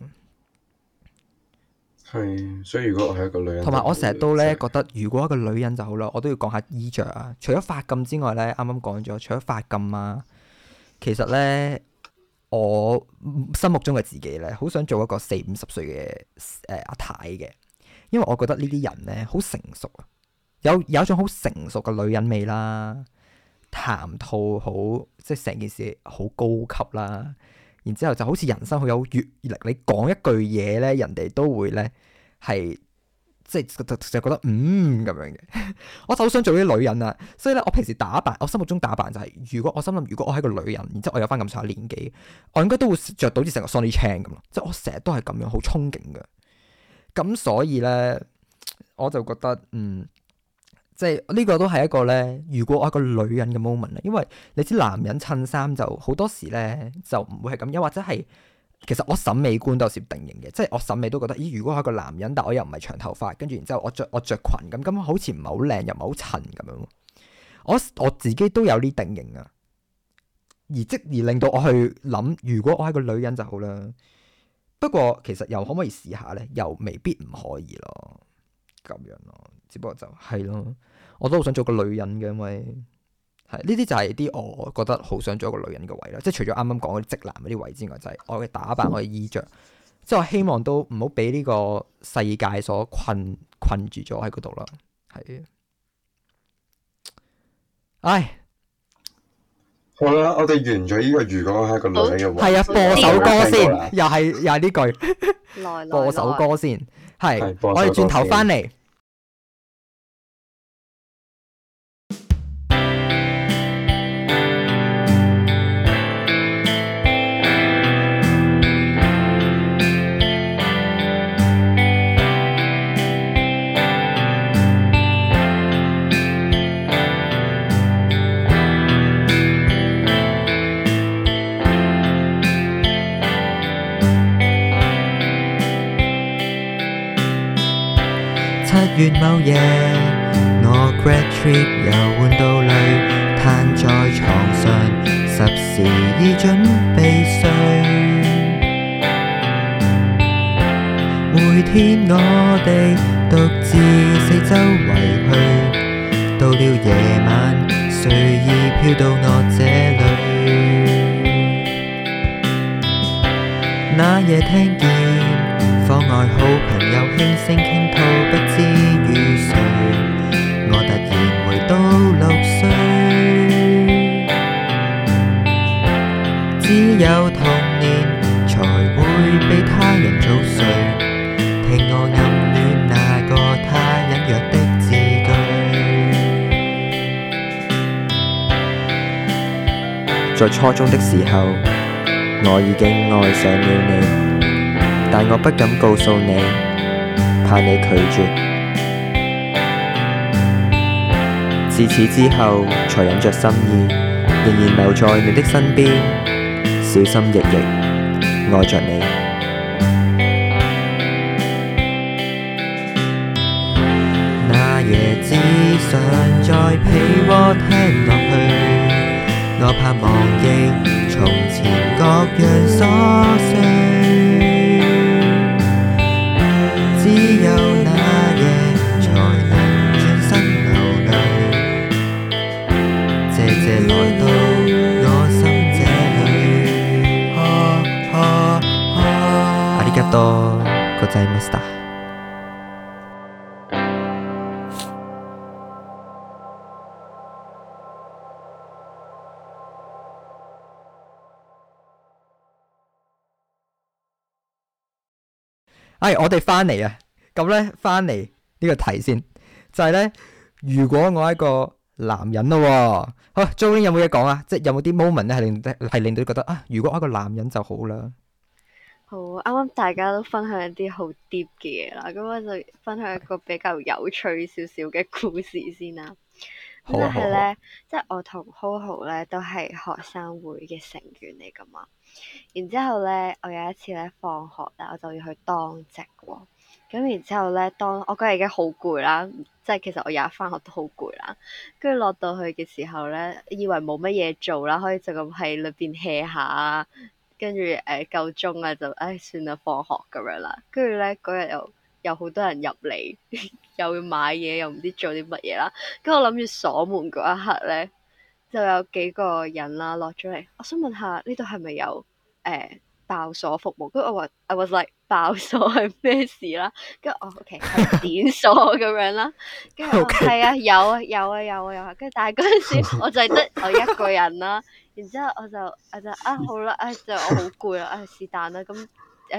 係，所以如果我係一個女人，同埋我成日都咧、就
是、覺得，如果一個女人就好啦，我都要講下衣着啊。除咗髮禁之外咧，啱啱講咗，除咗髮禁啊，其實咧我心目中嘅自己咧，好想做一個四五十歲嘅誒阿太嘅，因為我覺得呢啲人咧好成熟啊，有有一種好成熟嘅女人味啦。談吐好，即係成件事好高級啦。然之後就好似人生好有閱歷，你講一句嘢咧，人哋都會咧係即係就就，就覺得嗯咁樣嘅。 我就好想做啲女人啊！所以咧，我平時打扮，我心目中打扮就係，如果我心諗，如果我係個女人，然之後我有翻咁上下年紀，我應該都會着到好似成個 Sony Chan 咁咯。即係我成日都係咁樣，好憧憬嘅。咁所以咧，我就覺得嗯。即係呢、這個都係一個咧，如果我係個女人嘅 moment 啦，因為你知男人襯衫就好多時咧就唔會係咁，又或者係其實我審美觀都有少少定型嘅，即係我審美都覺得，咦，如果我係個男人，但我又唔係長頭髮，跟住然之後我着我着，我着裙咁，咁好似唔係好靚，又唔係好襯咁樣。我我自己都有呢定型啊，而即而令到我去諗，如果我係個女人就好啦。不過其實又可唔可以試下咧？又未必唔可以咯，咁樣咯。只不過就係咯，我都好想做個女人嘅，因為係呢啲就係啲我覺得好想做一個女人嘅位啦。即係除咗啱啱講嗰啲直男嗰啲位之外，就係、是、我嘅打扮、我嘅衣着，即係我希望都唔好俾呢個世界所困困住咗喺嗰度啦。係，
唉，好啦，我哋完咗呢、這個如果係個女人嘅話，係啊、嗯，播首歌先，
又係又係呢句，播首歌先，係，我哋轉頭翻嚟。
願某夜，我 great trip 遊玩到累，攤在床上，十時已準備睡。每天我哋獨自四周圍去，到了夜晚，睡意飄到我這裏。那夜聽見房外好朋友輕聲傾吐，不知。有童年，才會被他人早睡。聽我暗戀那個他隱約的字句。
在初中的時候，我已經愛上了你，但我不敢告訴你，怕你拒絕。
自此之後，才忍着心意，仍然留在你的身邊。小心翼翼愛着你， 那夜只想在被窩聽落去，我怕忘記從前各樣瑣。
係、哎，我哋翻嚟啊！咁咧，翻嚟呢個題先，就係、是、咧，如果我係一個男人咯、哦，好、啊，Jolin 有冇嘢講啊？即係有冇啲 moment 咧，係令係令到你覺得啊，如果我係一個男人就好啦。
好，啱啱大家都分享一啲好 deep 嘅嘢啦，咁我就分享一個比較有趣少少嘅故事先啦。因為咧，啊啊、即係我同 Ho Ho 咧都係學生會嘅成員嚟噶嘛。然之後咧，我有一次咧放學，但我就要去當值喎。咁然之後咧，當我嗰日已經好攰啦，即係其實我日日返學都好攰啦。跟住落到去嘅時候咧，以為冇乜嘢做啦，可以就咁喺裏邊 hea 下。跟住誒夠鐘啊，就誒、哎、算啦，放學咁樣啦。跟住咧嗰日又～有好多人入嚟， 又要買嘢，又唔知做啲乜嘢啦。跟住我諗住鎖門嗰一刻咧，就係、有幾個人啦落咗嚟。我想問下呢度係咪有誒爆、欸、鎖服務？跟住我話，I was like 爆鎖係咩事啦？跟住我 OK 點鎖咁樣啦。跟住係啊，有啊，有啊，有啊，有啊。跟住、啊啊、 但係嗰陣時我就係得我一個人啦。然之後我就我就啊好啦，誒就我好攰啦，啊，是但啦咁。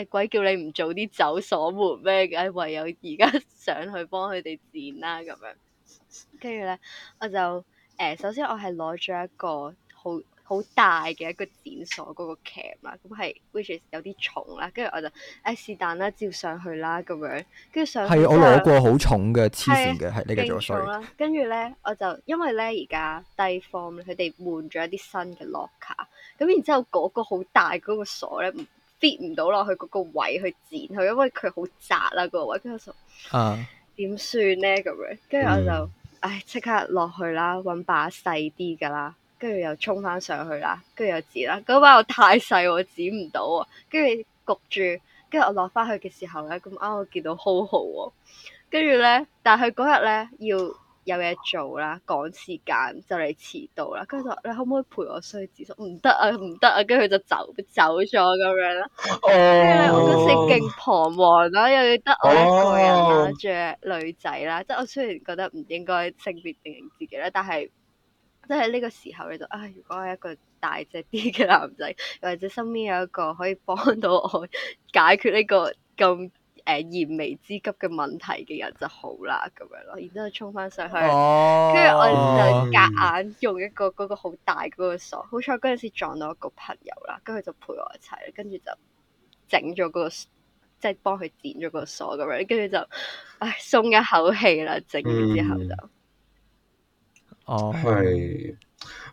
誒鬼叫你唔早啲走鎖門咩？誒唯有而家上去幫佢哋剪啦、啊、咁樣。跟住咧，我就誒、呃、首先我係攞咗一個好好大嘅一個剪鎖嗰、嗰個 cam 啦，咁係 which is，有啲重啦。跟住我就誒是但啦，照上去啦咁樣。跟住上係我攞過好重
嘅，黐線嘅，係呢個做啦。
跟住咧，我就因為咧而家低貨佢哋換咗一啲新嘅 locker。咁然之後嗰個好大嗰個鎖咧 fit 唔到落去嗰個位去剪佢，因為佢好窄啦、啊、嗰、嗰個位，跟住
我
想，點算咧咁樣？跟住我就，唉、啊，即、嗯哎、刻落去啦，搵把細啲噶啦，跟住又衝翻上去啦，跟住又剪啦，嗰把又太細我剪唔到啊，跟住焗住，跟住我落翻去嘅時候咧，咁啱我見到 Hoho 喎，跟住咧，但係嗰日咧要。有嘢做啦，趕時間就嚟遲到啦，跟住就你可唔可以陪我衰自梳？唔、嗯、得啊，唔得啊，跟住佢就走走咗咁樣啦。Oh. 我嗰時勁彷徨啦，又要得我一個人打著女仔啦。Oh. 即係我雖然覺得唔應該性別定型自己啦，但係即係呢個時候你就啊、哎，如果我係一個大隻啲嘅男仔，又或者身邊有一個可以幫到我解決呢個咁。誒，燃眉之急嘅問題嘅人就好啦，咁樣咯，然之後衝翻上去，跟住、oh. 我就夾硬用一個嗰個，大個、oh. 好大嗰個鎖，好彩嗰陣時撞到一個朋友啦，跟住就陪我一齊，跟住就整咗嗰個，即係幫佢剪咗個鎖咁樣，跟住就唉鬆、哎、一口氣啦，整完之
後就，哦係。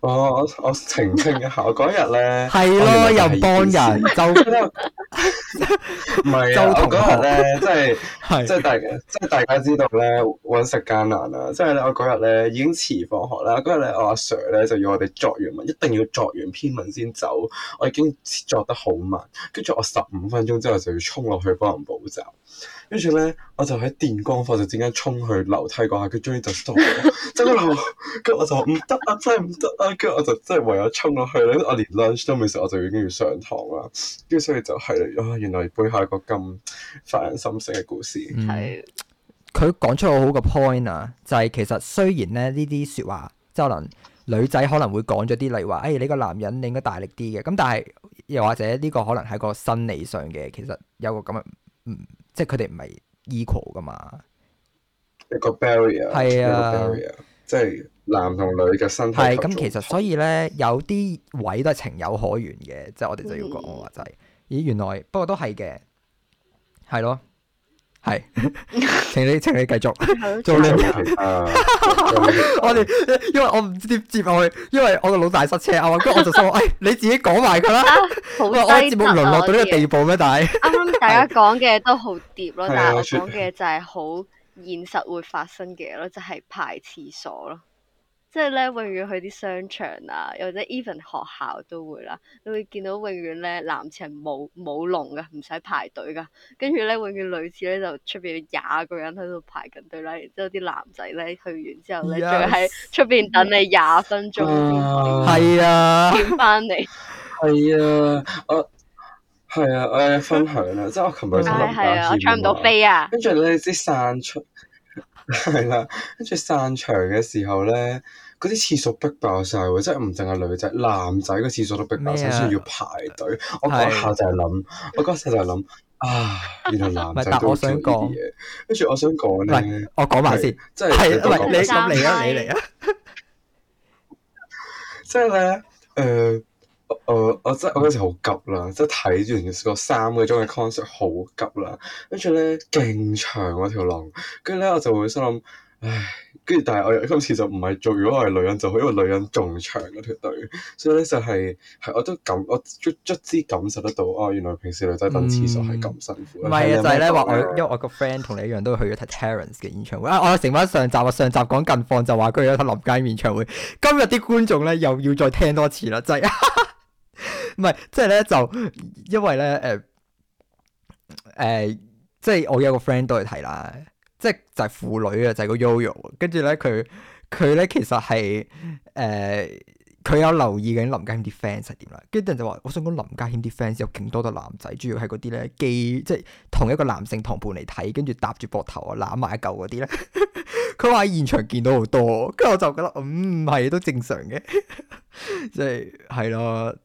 哦、我我澄清一下，嗰日咧係咯，又幫人就覺得，唔係啊。我嗰日咧，即係即係大即係 大家知道咧，搵食艱難啊！即係咧，我嗰日咧已經遲放學啦。嗰日咧，我阿 Sir 咧就要我哋作完文，一定要作完篇文先走。我已經作得好慢，跟住我十五分鐘之後就要衝落去幫人補習。跟住咧，我就喺電光火石之間衝去樓梯嗰下，佢終於就到。t o 即刻落。咁我就唔得啊，真係唔得啊！跟住我就真係唯有衝落去咧。我連 lunch 都未食，我就已經要上堂啦。跟住所以就係、是、啊，原來背下一個咁發人心聲嘅故事。
係佢講出好好嘅 point 啊，就係、是、其實雖然咧呢啲説話，即係可能女仔可能會講咗啲，例如話：，哎，呢個男人你應該大力啲嘅。咁但係又或者呢個可能係個心理上嘅，其實有個咁嘅嗯。即係佢哋唔係 equal 噶嘛，
一個 barrier 係啊，barrier，即係男同女嘅身體係咁，其實
所以咧有啲位都係情有可原嘅，即係我哋就要講我話就係，嗯、咦原來不過都係嘅，係咯。係，請你，請你繼續 做你啊！ 我哋因為我唔知點接落去，因為我個老大塞車啊，跟住 我就話：， 哎，你自己講埋佢啦。
好、 啊啊、 我啲節目淪落到呢個地步咩？但係啱啱大家講嘅都好疊咯， 是但係我講嘅就係好現實會發生嘅嘢咯，就係、是、排廁所咯。即係咧，永遠去啲商場啊，又或者 even 學校都會啦，你會見到永遠咧，男廁係冇冇龍噶，唔使排隊噶。跟住咧，永遠女廁咧就出邊廿個人喺度排緊隊啦。然之後啲男仔咧，去完之後咧，仲喺出邊等你廿分鐘，係 Yes.、嗯、啊，點翻你。
係啊，我係啊，我要分享啊！即係我琴日真係啊，我搶唔到飛啊。跟住咧啲散出。係啦，跟住 散場嘅時候咧，嗰啲廁所逼爆晒，即係唔淨係女仔，男仔個廁所都逼爆晒，啊、需要排隊。我嗰下就係諗， 我嗰下就係諗，啊，原來男仔都想講嘢。跟住我想講咧，我講埋對先說，即係唔係你咁嚟啊，你嚟啊你。即係咧，誒。 我，我真、嗯我啊，我嗰時好急啦，即係睇完個三個鐘嘅 concert 好急啦，跟住咧勁長嗰條龍，跟住咧我就會心諗，唉，跟住但係我今次就唔係做，如果我係女人就去因為女人仲長嗰、啊、條隊，所以咧就係、是，係我都感，我卒之感受得到，哦，原來平時女仔等廁所係咁辛苦。唔係啊，就係咧話佢，因
為我個 friend 同你一樣都去咗睇 Terence 嘅演唱會，啊，我成翻上集啊，上集講近況就話佢去睇林家謙演唱會，今日啲觀眾咧又要再聽多次啦，就係、是。 唔係，即係咧就，因為咧誒誒，即係我有個 friend 都去睇啦，即係就係婦女啊，就係、是、個 Yoyo。跟住咧佢佢咧其實係誒，佢、呃、有留意緊林家謙啲 fans 係點啦。跟住就話，我想講林家謙啲 fans 有勁多多男仔，主要係嗰啲咧既，即係同一個男性同伴嚟睇，跟住搭住膊頭啊攬埋一嚿嗰啲咧。佢話喺現場見到好多，跟住我就覺得唔係、嗯、都正常嘅、 就是，即係係咯。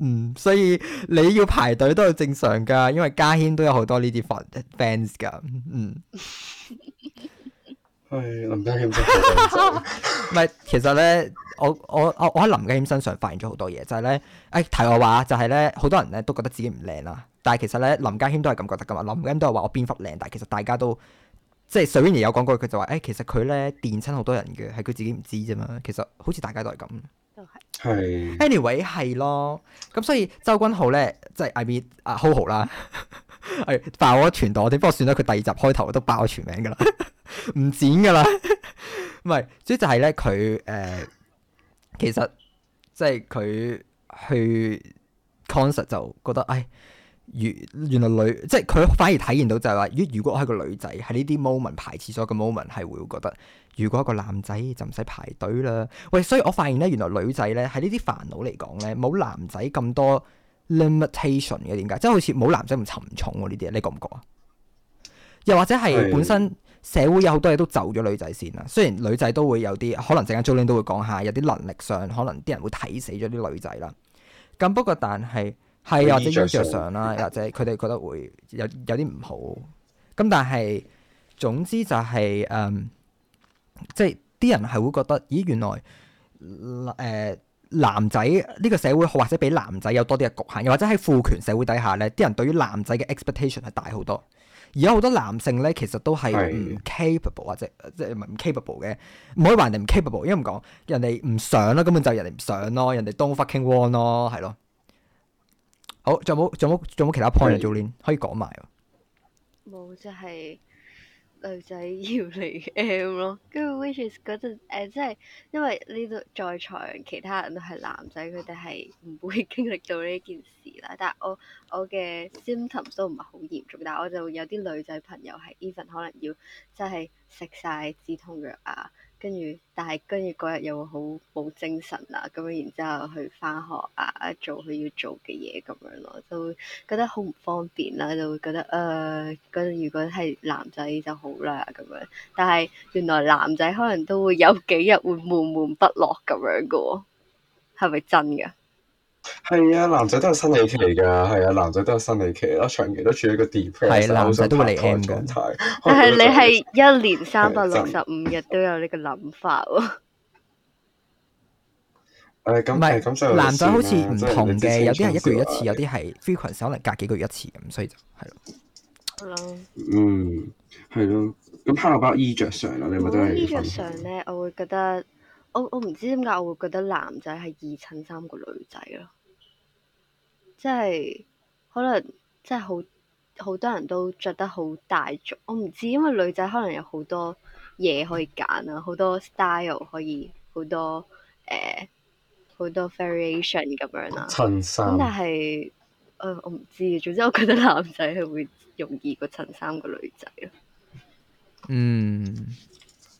嗯，所以你要排隊都係正常噶，因為家謙都有好多呢啲 fans 噶，嗯。係林家謙。唔係，其實咧，我我我我喺林家謙身上發現咗好多嘢，就係、是、咧，誒、哎，題外話就係、是、咧，好多人咧都覺得自己唔靚啦，但係其實咧，林家謙都係咁覺得噶嘛，林家謙都係話我邊忽靚，但係其實大家都，即係 Shirley 有講過，佢就話，誒、哎，其實佢咧電親好多人嘅，係佢自己唔知咋嘛，其實好似大家都係咁。係，anyway 係咯，咁所以周君豪咧即係 I mean 啊 Hoho 啦，d 爆咗全朵我哋不過算啦，佢、 哎、第二集開頭都爆咗全名噶啦，唔 剪噶的啦，唔係主要就係咧佢誒，其實即係佢去 concert 就覺得哎。原原來女即係佢反而體現到就係話，如如果我係個女仔喺呢啲 moment 排廁所嘅 moment 係會覺得，如果一個男仔就唔使排隊啦。喂，所以我發現咧，原來女仔咧喺呢啲煩惱嚟講咧，冇男仔咁多 limitation 嘅，點解？即係好似冇男仔咁沉重喎呢啲，你覺唔覺啊？又或者係本身社會有好多嘢都就咗女仔先啦。雖然女仔都會有啲，可能陣間 Jolin 都會講下，有啲能力上可能啲人會睇死咗啲女仔啦。咁不過但係。係啊，或者著上啦，或者佢哋覺得會有有啲唔好。咁但係總之就係、是、誒，即係啲人係會覺得，咦？原來誒、呃、男仔呢個社會或者比男仔有多啲嘅局限，又或者喺父權社會底下咧，啲人對於男仔嘅 expectation 係大好多。而家好多男性咧，其實都係唔 capable 是或者即係唔係唔 capable 嘅。唔可以話人哋唔 capable，應該咁講，人哋唔想啦，根本就人哋唔想，想 want，咯，人哋 don't fucking want 咯，係咯。好，仲冇，仲冇，仲冇其他 point 嚟做 link 可以
講埋。冇，即、就、係、是、女仔要嚟 M 咯，跟住 wishes 嗰陣誒，即係因為呢度在場其他人都係男仔，佢哋係唔會經歷到呢件事啦。但係我我嘅 symptoms 都唔係好嚴重，但係我就有啲女仔朋友係 even 可能要即係食晒止痛藥啊。跟住，但係跟住嗰日又會好冇精神啊，咁樣然之後去翻學啊，做佢要做嘅嘢咁樣咯，就會覺得好唔方便啦，就會覺得誒，嗰陣如果係男仔就好啦咁樣，但係原來男仔可能都會有幾日會悶悶不樂咁樣嘅喎，係咪真嘅？
係啊，男仔都有生理期嚟噶，係啊，男仔都有生理期咯，長期都處喺個 depress 係男仔都嚟 M 嘅。但係你係
一年三百六十五日都有呢個諗法喎。
唔係咁，所以男仔好似唔同嘅，有啲人一個月一次，有啲係 frequent，可能隔幾個月一次咁，所以就
係咯。嗯，係咯。咁 how about 衣着
上啦，你覺得？衣着上咧，我會覺得，我我唔知點解我會覺得男仔係二襯三過女仔咯。即係可能，即係好好多人都着得好大俗，我唔知，因為女仔可能有好多嘢可以揀啊，好多 style 可以，好多誒好、呃、多 variation 咁樣啦。襯衫咁，但係誒、呃、我唔知，總之我覺得男仔係會容易過襯衫個女仔咯。
嗯，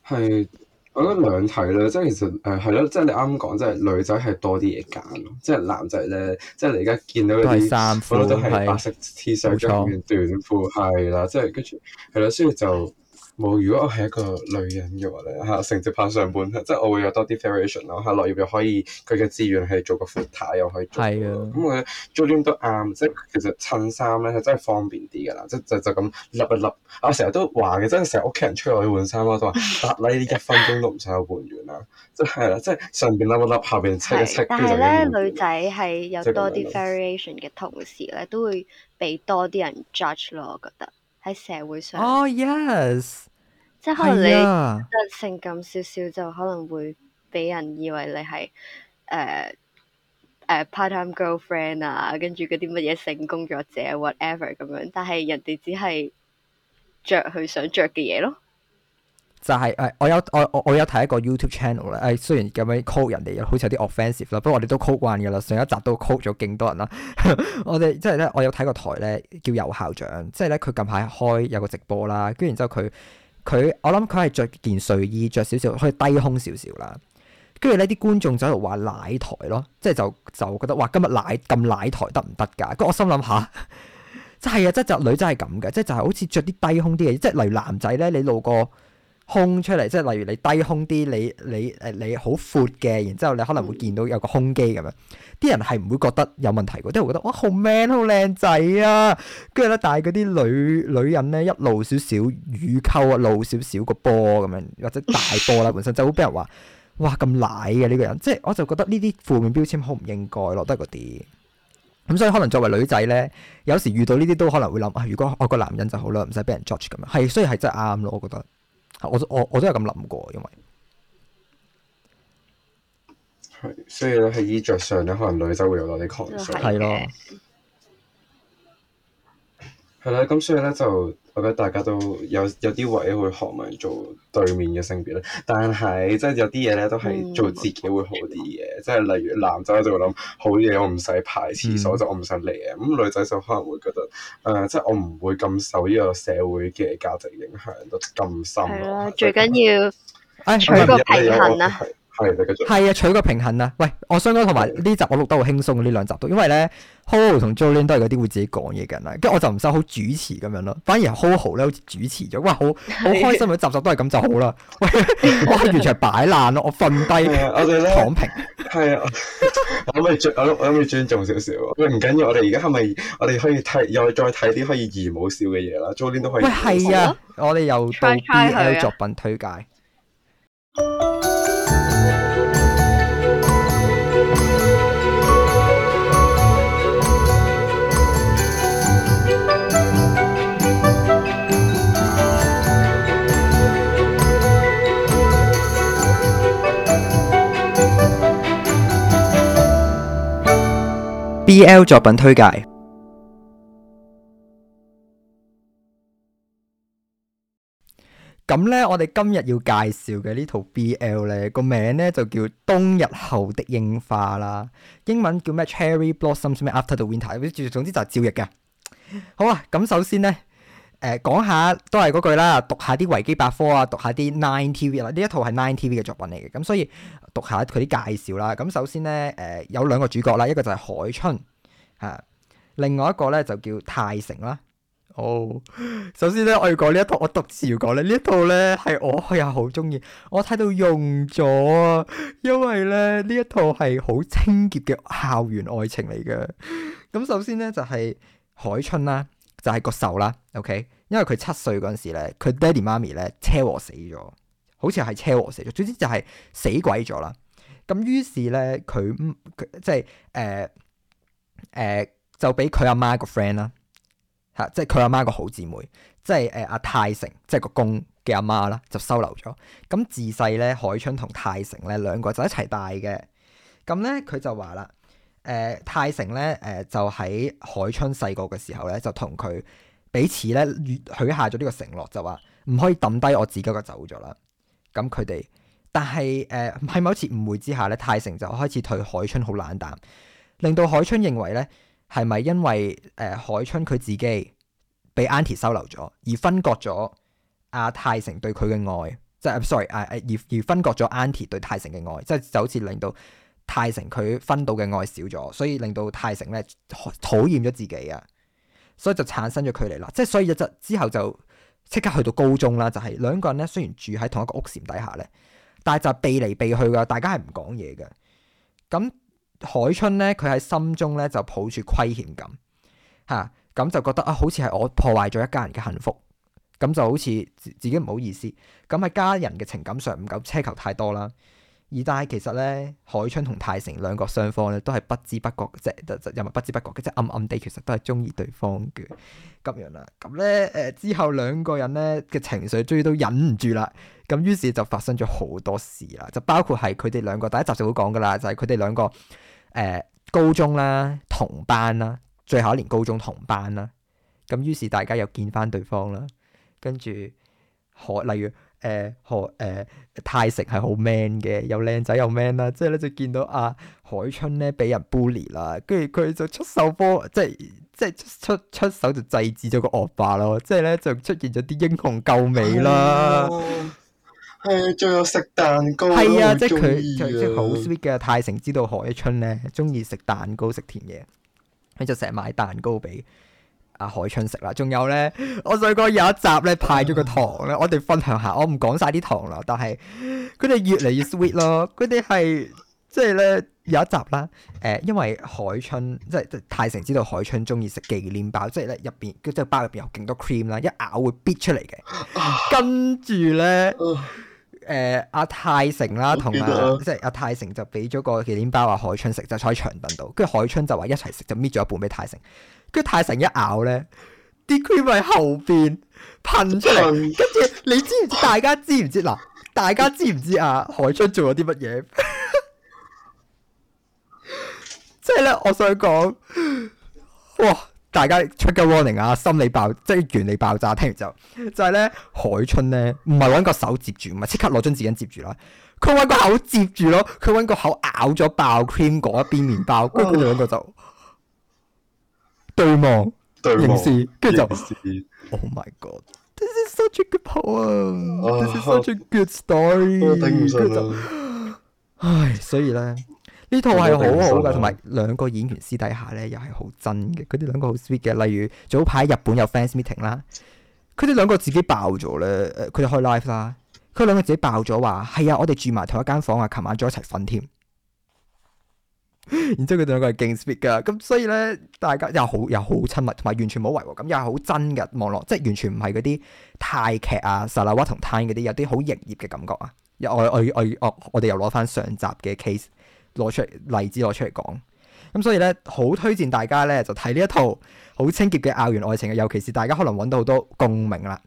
係。我覺得兩睇咯，即係其實誒係咯，即係你啱啱講，即係女仔係多啲嘢揀，即係男仔咧，即係你而家見到嗰啲衫褲都係白色 T 恤加件短褲，係啦，即係跟住係啦，所以就。冇，如果我係一個女人嘅話咧，嚇成日拍上半，即係我會有多啲 variation 咯。嚇落葉又可以，佢嘅志願係做個闊太又可以做。係啊的。咁我做呢啲都啱，即係其實襯衫咧係真係方便啲㗎啦，即就就咁笠一笠。我成日都話嘅，真係成日屋企人催我去換衫咯。都話搭拉呢一分鐘都唔使我換完啦， 即係啦，即係上邊笠一笠，下邊拆一拆。但係咧，
女仔係有多啲 variation 嘅同時咧，都會俾多啲人 judge 咯，我覺得喺社會上。哦、oh，yes。
即係
可能你得性感少少，就可能會俾人以為你係誒誒、uh, uh, part-time girlfriend 啊，跟住嗰啲乜嘢性工作者 whatever 咁樣。但係人哋只係着佢想着嘅嘢咯。
就係、是、誒，我有我我，我有睇一個 YouTube channel 咧。誒，雖然咁樣 call 人哋，好似有啲 offensive 啦。不過我哋都 call 慣噶啦，上一集都 call 咗勁多人啦。 我哋即係咧，我有睇個台咧叫游校長，即係咧佢近排開有個直播啦，跟住然之後佢。佢我諗佢係着件睡衣着少少，可以低胸少少啦。跟住呢啲觀眾就喺度話奶台咯，即係就就覺得話，今日奶咁奶台得唔得噶？我心諗下，就係啊，即係侄女真係咁嘅，即係就係好似着啲低胸啲嘅，即係例如男仔咧，你路過。胸出嚟，即係例如你低胸啲，你你誒你好闊嘅，然之後你可能會見到有個胸肌咁樣，啲人係唔會覺得有問題嘅，即係覺得哇好 man 好靚仔啊，跟住咧，但係嗰啲女女人咧，一露少少乳溝啊，露少少個波咁樣，或者大波啦本身就好俾人話哇咁奶嘅呢個人，即係我就覺得呢啲負面標籤好唔應該落得嗰啲。咁、嗯、所以可能作為女仔咧，有時遇到呢啲都可能會諗啊，如果我個、啊、男人就好啦，唔使俾人 judge 咁樣，係所以係真係啱咯，我覺得。我我我都有咁諗過，因為
所以咧喺衣着上，可能女仔會有啲抗性。係啦，咁所以咧就，我覺得大家都有有啲位會學埋做對面嘅性別咧，但係即係有啲嘢咧都係做自己會好啲嘅，嗯、即係例如男仔就會諗好嘢，我唔使排廁所、嗯、就我唔使嚟嘅，咁女仔就可能會覺得，誒、呃、即係我唔會咁受呢個社會嘅價值影響到咁深。係啦了，的最緊要
取個平衡啦、啊。
係
啊，取個平衡啊！喂，我想講同埋呢集我錄得好輕鬆呢兩集都，因為咧，Hoho 同 Jolin 都係嗰啲會自己講嘢嘅人啦，跟住我就唔使好主持咁樣咯，反而 Hoho 咧好似主持咗，哇，好好開心啊！集集都係咁就好啦。我係完全擺爛咯，我瞓低躺
平。係啊，我可尊我我咪尊重少少。喂，唔緊要，我哋而家係咪我哋可以睇又再睇啲可以二母笑嘅嘢啦 Jolin 都可以。喂，係啊，
我哋又到 B L 作品推介。B L 作品推介，咁呢，我哋今日要介紹嘅呢套 B L 呢個名呢就叫冬日後的櫻花啦，英文叫咩？Cherry Blossoms，咩 After the Winter，總之就係照譯嘅。好啊，咁首先呢。誒，講、呃、下都係嗰句啦，讀下啲維基百科啊，讀下啲 Nine TV 啦，呢一套係 Nine TV 嘅作品嚟嘅，咁所以讀下佢啲介紹啦。咁首先咧，誒、呃、有兩個主角啦，一個就係海春吓，啊，另外一個咧就叫泰成啦。哦、oh，首先咧我要講呢一套，我讀字要講咧，呢一套咧係我係好中意，我睇到用咗，啊，因為咧呢一套係好清潔嘅校園愛情嚟嘅。咁首先咧就係、是、海春啦。就係個受啦，OK，因為佢七歲嗰陣時咧，佢爹哋媽咪咧車禍死咗，好似係車禍死咗，總之就係死鬼咗啦。咁於是咧，佢、嗯、即係誒誒，就俾佢阿媽個 friend 啦，吓，即係佢阿媽個好姊妹，即係誒阿泰成，即係個公嘅阿媽啦，就收留咗。咁自細咧，海春同泰成咧兩個就一齊大嘅。咁咧，佢就話啦。誒、呃、泰成咧，誒、呃、就喺海春細個嘅時候咧，就同佢彼此咧許下咗呢個承諾，就話唔可以抌低我自己嘅走咗啦。咁佢哋，但係誒喺某一次誤會之下咧，泰成就開始對海春好冷淡，令到海春認為咧係咪因為誒、呃、海春佢自己被 Auntie 收留咗而分割咗阿、啊、泰成對佢嘅愛，即係、啊、sorry，啊、而而分割咗 Auntie 對泰成嘅愛，即係就好似令到。泰成佢分到嘅愛少咗，所以令到泰成咧討厭咗自己啊，所以就產生咗距離啦。即係所以就之後就即刻去到高中啦，就係、是、兩個人咧雖然住喺同一個屋檐底下咧，但係就避嚟避去噶，大家係唔講嘢嘅。咁海春咧佢喺心中咧就抱住虧欠感吓，咁、啊、就覺得啊，好似係我破壞咗一家人嘅幸福，咁就好似自己唔好意思，咁喺家人嘅情感上唔敢奢求太多啦。而但係其實咧，海春同泰成兩個雙方咧，都係不知不覺，即係又唔係不知不覺嘅，即係暗暗地其實都係鍾意對方嘅咁樣啦、啊。咁咧誒之後兩個人咧嘅情緒終於都忍唔住啦，咁於是就發生咗好多事啦，就包括係佢哋兩個第一集就會講噶啦，就係佢哋兩個誒、呃、高中啦，同班啦，最後一年高中同班啦，咁於是大家又見翻對方啦，跟住可例如。誒，何誒、呃、呃、泰成係好 man 嘅，又靚仔又 man 啦，即係咧就見到阿、啊、海春咧俾人 bully 啦，跟住佢就出手波，即係即係出出手就制止咗個惡霸咯，即係咧就出現咗啲英雄救美啦，
誒、哎，仲、哎、有食蛋糕、啊，係啊，即係佢就即好 sweet
嘅，泰成知道海春咧中意食蛋糕食甜嘢，佢就成日買蛋糕俾。阿海春食啦，仲有咧，我上個有一集咧派咗個糖咧，我哋分享下，我唔講晒啲糖啦，但係佢哋越嚟越 sweet 咯，佢哋係即係咧有一集啦，誒、呃，因為海春即係、即係、泰成知道海春中意食忌廉包，即係咧入邊即係包入邊有勁多 cream 啦，一咬會必出嚟嘅，跟住咧。 誒阿泰成啦，同埋、啊、即係阿泰成就俾咗個紀念包阿、啊、海春食，就坐喺長凳度。跟住海春就話一齊食，就搣咗一半俾泰成。跟住泰成一咬咧，啲 cream 喺後邊噴出嚟。跟住你知唔知？大家知唔知嗱？ 大家知唔知啊？海春做咗啲乜嘢？ 即係咧，我想講，哇！大家出個 warning 啊，心理爆，即原理爆炸。聽完就係，就係呢海春呢，唔係搵個手接住，咪即刻攞張紙巾接住喇。佢搵個口接住囉，佢搵個口咬咗爆，cream 嗰一邊麵包。跟住佢就兩個就對望，凝視，跟住就沒，oh my god，this is such、so、a good power，this is such、so、a good story。我、啊啊、聽完佢就，唉，所以呢。呢套係好好噶，同埋兩個演員私底下咧又係好真嘅。佢哋兩個好 sweet 嘅。例如早排日本有 fans meeting 啦，佢哋兩個自己爆咗咧。佢哋開 live 啦，佢兩個自己爆咗話係啊，我哋住埋同一間房啊，琴晚再一齊瞓添。 然之後佢哋兩個係勁 sweet 噶，咁所以咧大家又好又好親密，同埋完全冇違和感，又係好真嘅網絡，即係完全唔係嗰啲泰劇啊、《沙拉瓦同 Tine》嗰啲，有啲好營業嘅感覺啊、哎哎哎哎哦。我我我我哋又攞翻上集嘅 case。攞出嚟，例子攞出嚟講，咁所以咧好推薦大家咧就睇呢一套好清潔嘅校園愛情嘅，尤其是大家可能揾到好多共鳴啦。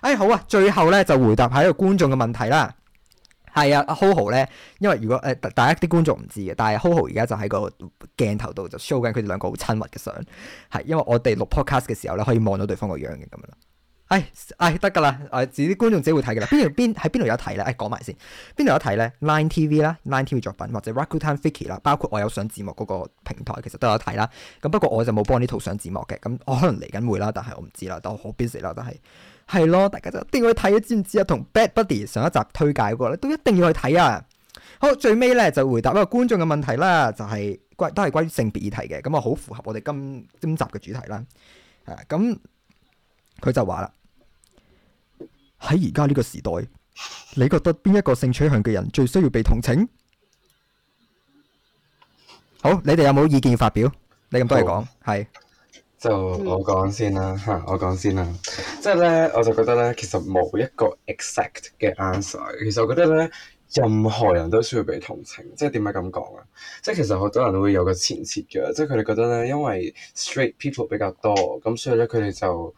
哎，好啊，最後咧就回答一下一個觀眾嘅問題啦。係啊，阿 ho Hoho 咧，因為如果誒、呃、大家啲觀眾唔知嘅，但係 Hoho 而家就喺個鏡頭度就 show 緊佢哋兩個好親密嘅相，係、啊、因為我哋錄 podcast 嘅時候咧可以望到對方個樣嘅咁樣啦。唉，誒得噶啦，誒自己觀眾自己會睇嘅、哎、啦。邊邊喺邊度有睇咧？誒講埋先，邊度有睇咧？Line TV 啦，Line TV 作品或者 Rakuten Viki 啦，包括我有上字幕嗰個平台，其實都有睇啦。咁不過我就冇幫呢套上字幕嘅，咁我可能嚟緊會啦，但係我唔知啦，都好 busy 啦，但係係咯，大家一定要去睇啊，知唔知啊？同 Bad Buddy 上一集推介過咧、那個，都一定要去睇啊。好，最尾咧就回答一個觀眾嘅問題啦，就係、是、關都係關於性別議題嘅，咁啊好符合我哋今今集嘅主題啦。咁、啊、佢就話啦。喺而家呢個時代，你覺得邊一個性取向嘅人最需要被同情？好，你哋有冇意見發表？你咁多嘢講，係好
是就我講先啦吓、嗯啊，我講先啦。即係咧，我就覺得咧，其實冇一個 exact 嘅 answer。其實我覺得咧，任何人都需要被同情。即係點解咁講啊？即係其實好多人都會有個前設嘅，即係佢哋覺得咧，因為 straight people 比較多，咁所以咧佢哋就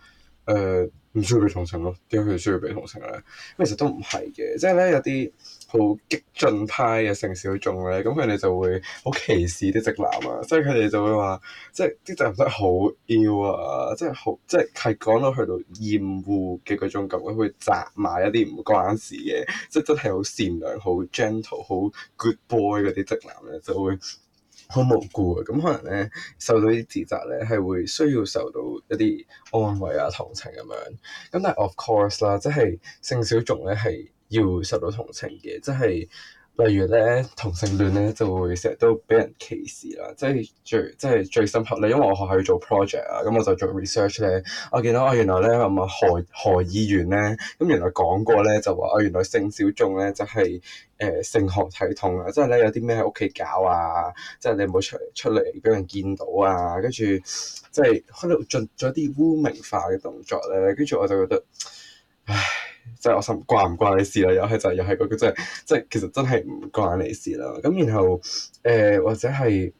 誒。呃唔需要俾同情咯，點解佢哋需要俾同情咧？咁其實都唔係嘅，即係咧有啲好激進派嘅性小眾咧，咁佢哋就會好歧視啲直男啊！所以佢哋就會話，即係啲直男真係好妖啊！即係好即係係講到去到厭惡嘅嗰種感覺，會責罵一啲唔關事嘅，即係真係好善良、好 gentle、好 good boy 嗰啲直男咧，就會。好無辜嘅，咁可能咧受到啲自責咧，係會需要受到一啲安慰啊、同情咁樣。咁但係 of course 啦，即係性小眾咧係要受到同情嘅，即係。例如咧，同性戀咧就會成日都俾人歧視啦。即係最即係最深刻咧，因為我學校要做 project 啊，咁我就做 research 咧。我見到哦，原來咧有冇何何議員咧，咁原來講過咧就話，哦，原來性小眾咧就係、是、誒、呃、性學體統啊，即係咧有啲咩喺屋企搞啊，即係你唔好出出嚟俾人見到啊，跟住即係喺度進做咗啲污名化嘅動作咧。跟住我就覺得，唉～即係我心關唔關你事啦、啊，又係就係又係嗰個真係，即、就、係、是就是、其實真係唔關你事啦、啊。咁然後誒、呃、或者係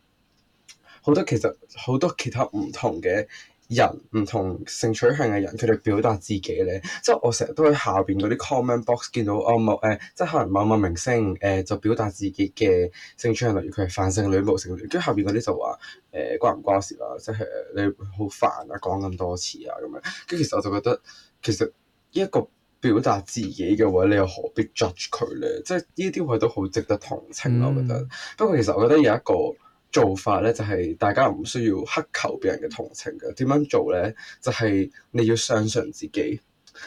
好多其實好多其他唔同嘅人唔同性取向嘅人，佢哋表達自己咧，即、就、係、是、我成日都喺下邊嗰啲 comment box 見到哦、呃就是、某誒，即係可能某某明星誒、呃、就表達自己嘅性取向，例如佢係泛性女無性戀，跟住下邊嗰啲就話誒關唔關事啦、啊，即、就、係、是、你好煩啊，講咁多次啊咁樣，跟住其實我就覺得其實呢一個。表達自己嘅話，你又何必 judge 佢呢？即係呢啲話都好值得同情啦，嗯、我覺得。不過其實我覺得有一個做法咧，就係、是、大家唔需要乞求別人嘅同情嘅。點樣做咧？就係、是、你要相信自己。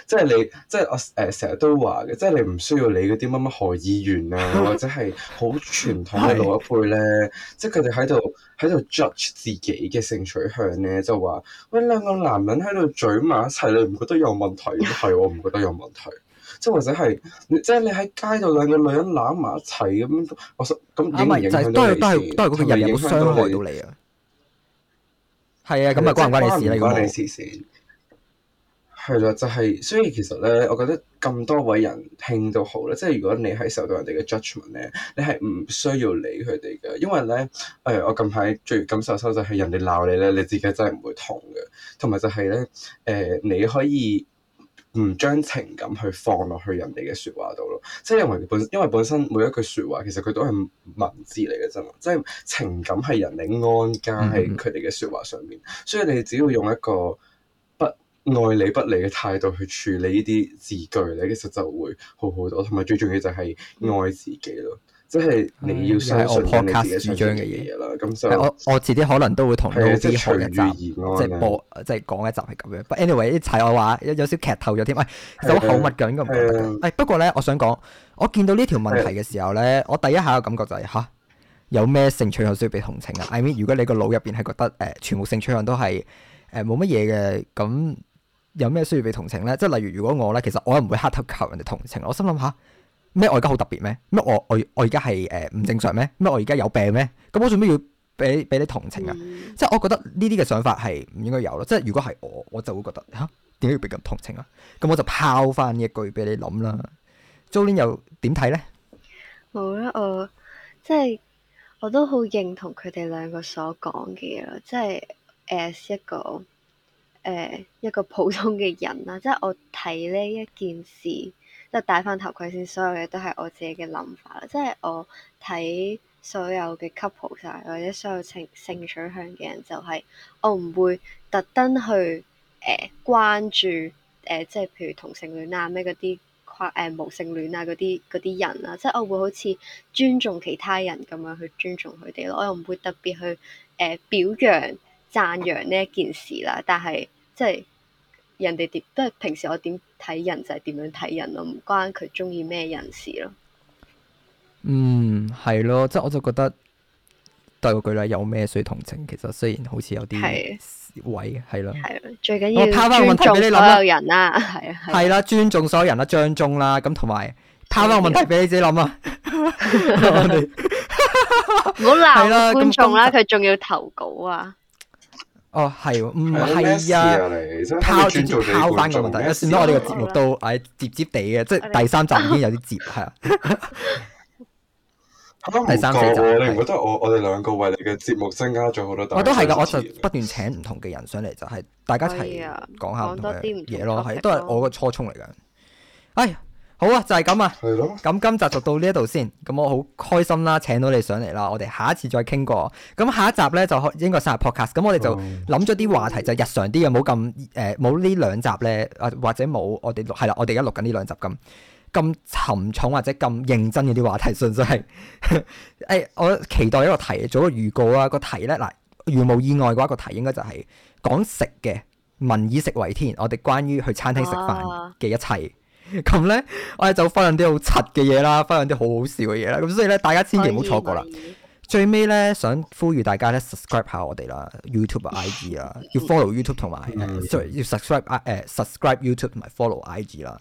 即係你，即係我誒，呃、成日都話嘅，即係你唔需要理嗰啲乜乜何議員啊，或者係好傳統嘅老一輩咧， 即係佢哋喺度喺度 judge 自己嘅性取向咧，就話喂，兩個男人喺度嘴埋一齊，你唔覺得有問題？係、嗯、我唔覺得有問題，即係或者係，即係你喺街度兩個女人攬埋一齊咁，我咁影唔影響都係都係都係個人影響到
你啊！係啊，咁啊關唔關你事、啊、唔關你事
先。係啦，就係，所以其實咧，我覺得咁多位人聽到好咧，即係如果你係受到人哋嘅 judgment 咧，你係唔需要理佢哋嘅，因為咧，誒，我近排最感受收就係人哋鬧你咧，你自己真係唔會痛嘅，同埋就係咧，誒，你可以唔將情感去放落去人哋嘅説話度咯，即係因為本因為本身每一句説話其實佢都係文字嚟嘅啫嘛，即係情感係人哋安家喺佢哋嘅説話上面，mm hmm. 所以你只要用一個愛理不理嘅態度去處理呢啲字句咧，其實就會好好多。同埋最重要就係愛自己咯，嗯、即係你要相信、嗯、你自己主張嘅嘢啦。咁我
我自己可能都會同老師學一集，即係我即係講一集係咁樣。But anyway，一睇我話有少少劇透咗添，喂、哎，好口的密噶，應該唔該的、哎。不過咧，我想講，我見到呢條問題嘅時候咧，的我第一下嘅感覺就係、是、吓，有咩性取向需要被同情啊？I mean，如果你個腦入邊係覺得誒全部性取向都係誒冇乜嘢嘅咁。有咩需要被同情咧？即係例如，如果我咧，其實我又唔會黑頭求人哋同情。我心諗下，咩？我而家好特別咩？乜我我我而家係誒唔正常咩？乜我而家有病咩？咁我做咩要俾俾你同情啊？嗯、即係我覺得呢啲嘅想法係唔應該有咯。即係如果係我，我就會覺得吓點解要俾咁同情、嗯、啊？咁我就拋翻呢一句俾你諗啦。Jolin 又點睇咧？
冇啦，我即係我都好認同佢哋兩個所講嘅嘢咯。即係 as 一個。誒、呃、一個普通嘅人啦，即係我睇呢一件事，即係戴翻頭盔先，所有嘢都係我自己嘅諗法啦。即係我睇所有嘅 couple 曬或者所有性性取向嘅人，就係、是、我唔會特登去誒、呃、關注誒、呃，即係譬如同性戀啊咩嗰啲誒無性戀啊嗰啲嗰啲人啊，即係我會好似尊重其他人咁樣去尊重佢哋咯，我又唔會特別去誒、呃、表揚讚揚呢一件事啦、啊，但係，即係人哋點，即係平時我點睇人就係、是、點樣睇人咯，唔關佢中意咩人事咯。
嗯，係咯，即係我就覺得，第二個舉例有咩水同情，其實雖然好似有啲位係咯，係咯，
最緊要我拋翻個問題俾你諗啦，係
係啦，尊重所有人啦，張中啦，咁同埋拋翻個問題俾你自己諗啊，
唔好鬧觀眾啦，佢仲衆要投稿啊。
哦，係喎，唔係呀，拋錢拋單個問題，一算到我哋個節目都，哎，接接地嘅，即係第三集已經有啲接係啊。第三
四
集，你唔覺
得我我哋兩個為你嘅節目增加咗好多？我都係㗎，我
就不斷請唔同嘅人上嚟，就係大家一齊講下唔同嘅嘢咯，係都係我個初衷嚟㗎。哎好啊，就係、是、咁啊。係咯的。咁今集就到呢一度先。咁我好開心啦，請到你上嚟啦。我哋下一次再傾過。咁下一集咧就應該係新嘅 podcast。咁我哋就諗咗啲話題就日常啲嘢冇咁誒，冇、嗯呃、呢兩集咧啊，或者冇我哋係啦，我哋而家錄緊呢兩集咁咁沉重或者咁認真嘅啲話題，純粹係誒、 哎，我期待一個題，做一個預告啊。個題咧嗱，如無意外嘅話，個題應該就係、是、講食嘅。民以食為天，我哋關於去餐廳食飯嘅一切。啊咁咧，我哋就分享啲好柒嘅嘢啦，分享啲好好笑嘅嘢啦。咁所以咧，大家千祈唔好錯過啦。哎、呀最尾咧，想呼籲大家咧，subscribe 下我哋啦，YouTube、IG 啦，哎、呀要 follow YouTube 同埋、哎呀呃、sorry，要 subscribe 誒，subscribe、呃、YouTube 同埋 follow IG 啦。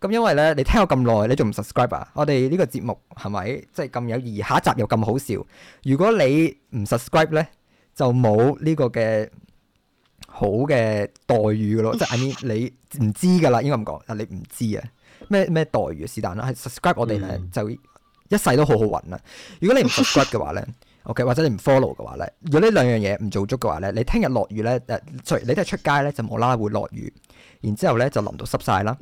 咁、嗯、因為咧，你聽咗咁耐，你仲唔 subscribe 啊？我哋呢個節目係咪即係咁有意義？下一集又咁好笑。如果你唔 subscribe 咧，就冇呢個嘅好嘅待遇噶咯。即係 I mean 你。唔知噶啦，應該咁講，你唔知啊，咩咩待遇啊，是但啦。subscribe 我哋咧、嗯、就一世都好好運啦。如果你唔 subscribe 嘅話咧，ok，或者你唔 follow 嘅話咧，如果呢兩樣嘢唔做足嘅話咧，你聽日落雨咧，隨、呃、你都係出街咧，就冇啦啦會落雨，然之後咧就淋到濕晒啦，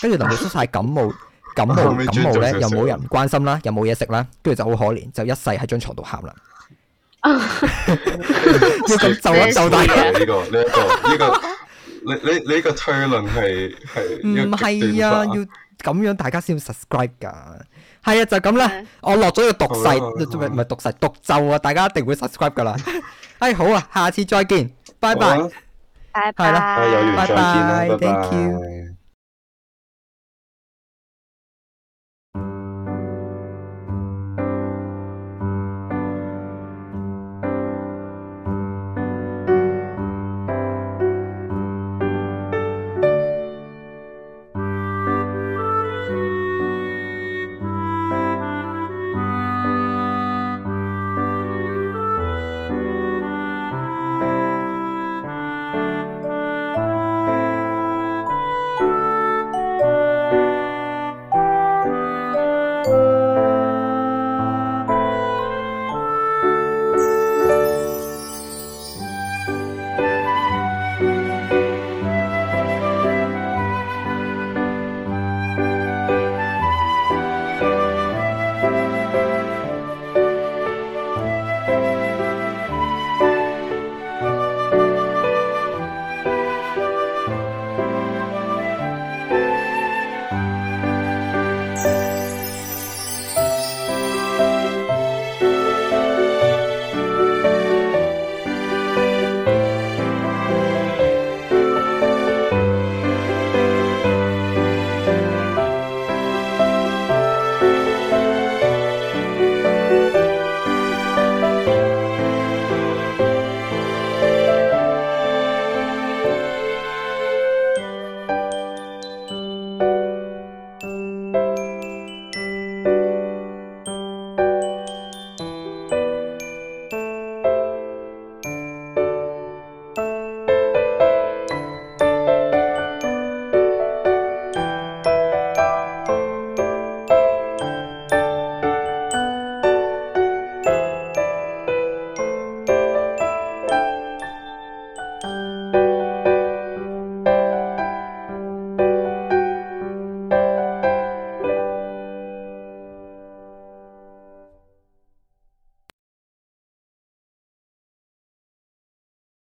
跟住淋到濕晒感冒，感冒感冒咧又冇人關心啦，又冇嘢食啦，跟住就好可憐，就一世喺張床度喊啦。
一個，一、這個，一、這個。這個你你你個推論係係唔係啊？要
咁樣大家先要 subscribe 㗎？係啊就咁啦。嗯、我落咗個毒誓，唔係唔係毒誓毒咒啊！大家一定會 subscribe 㗎啦。 哎好啊，下次再見，拜拜，拜、啊，係啦，拜拜，哎、
拜拜。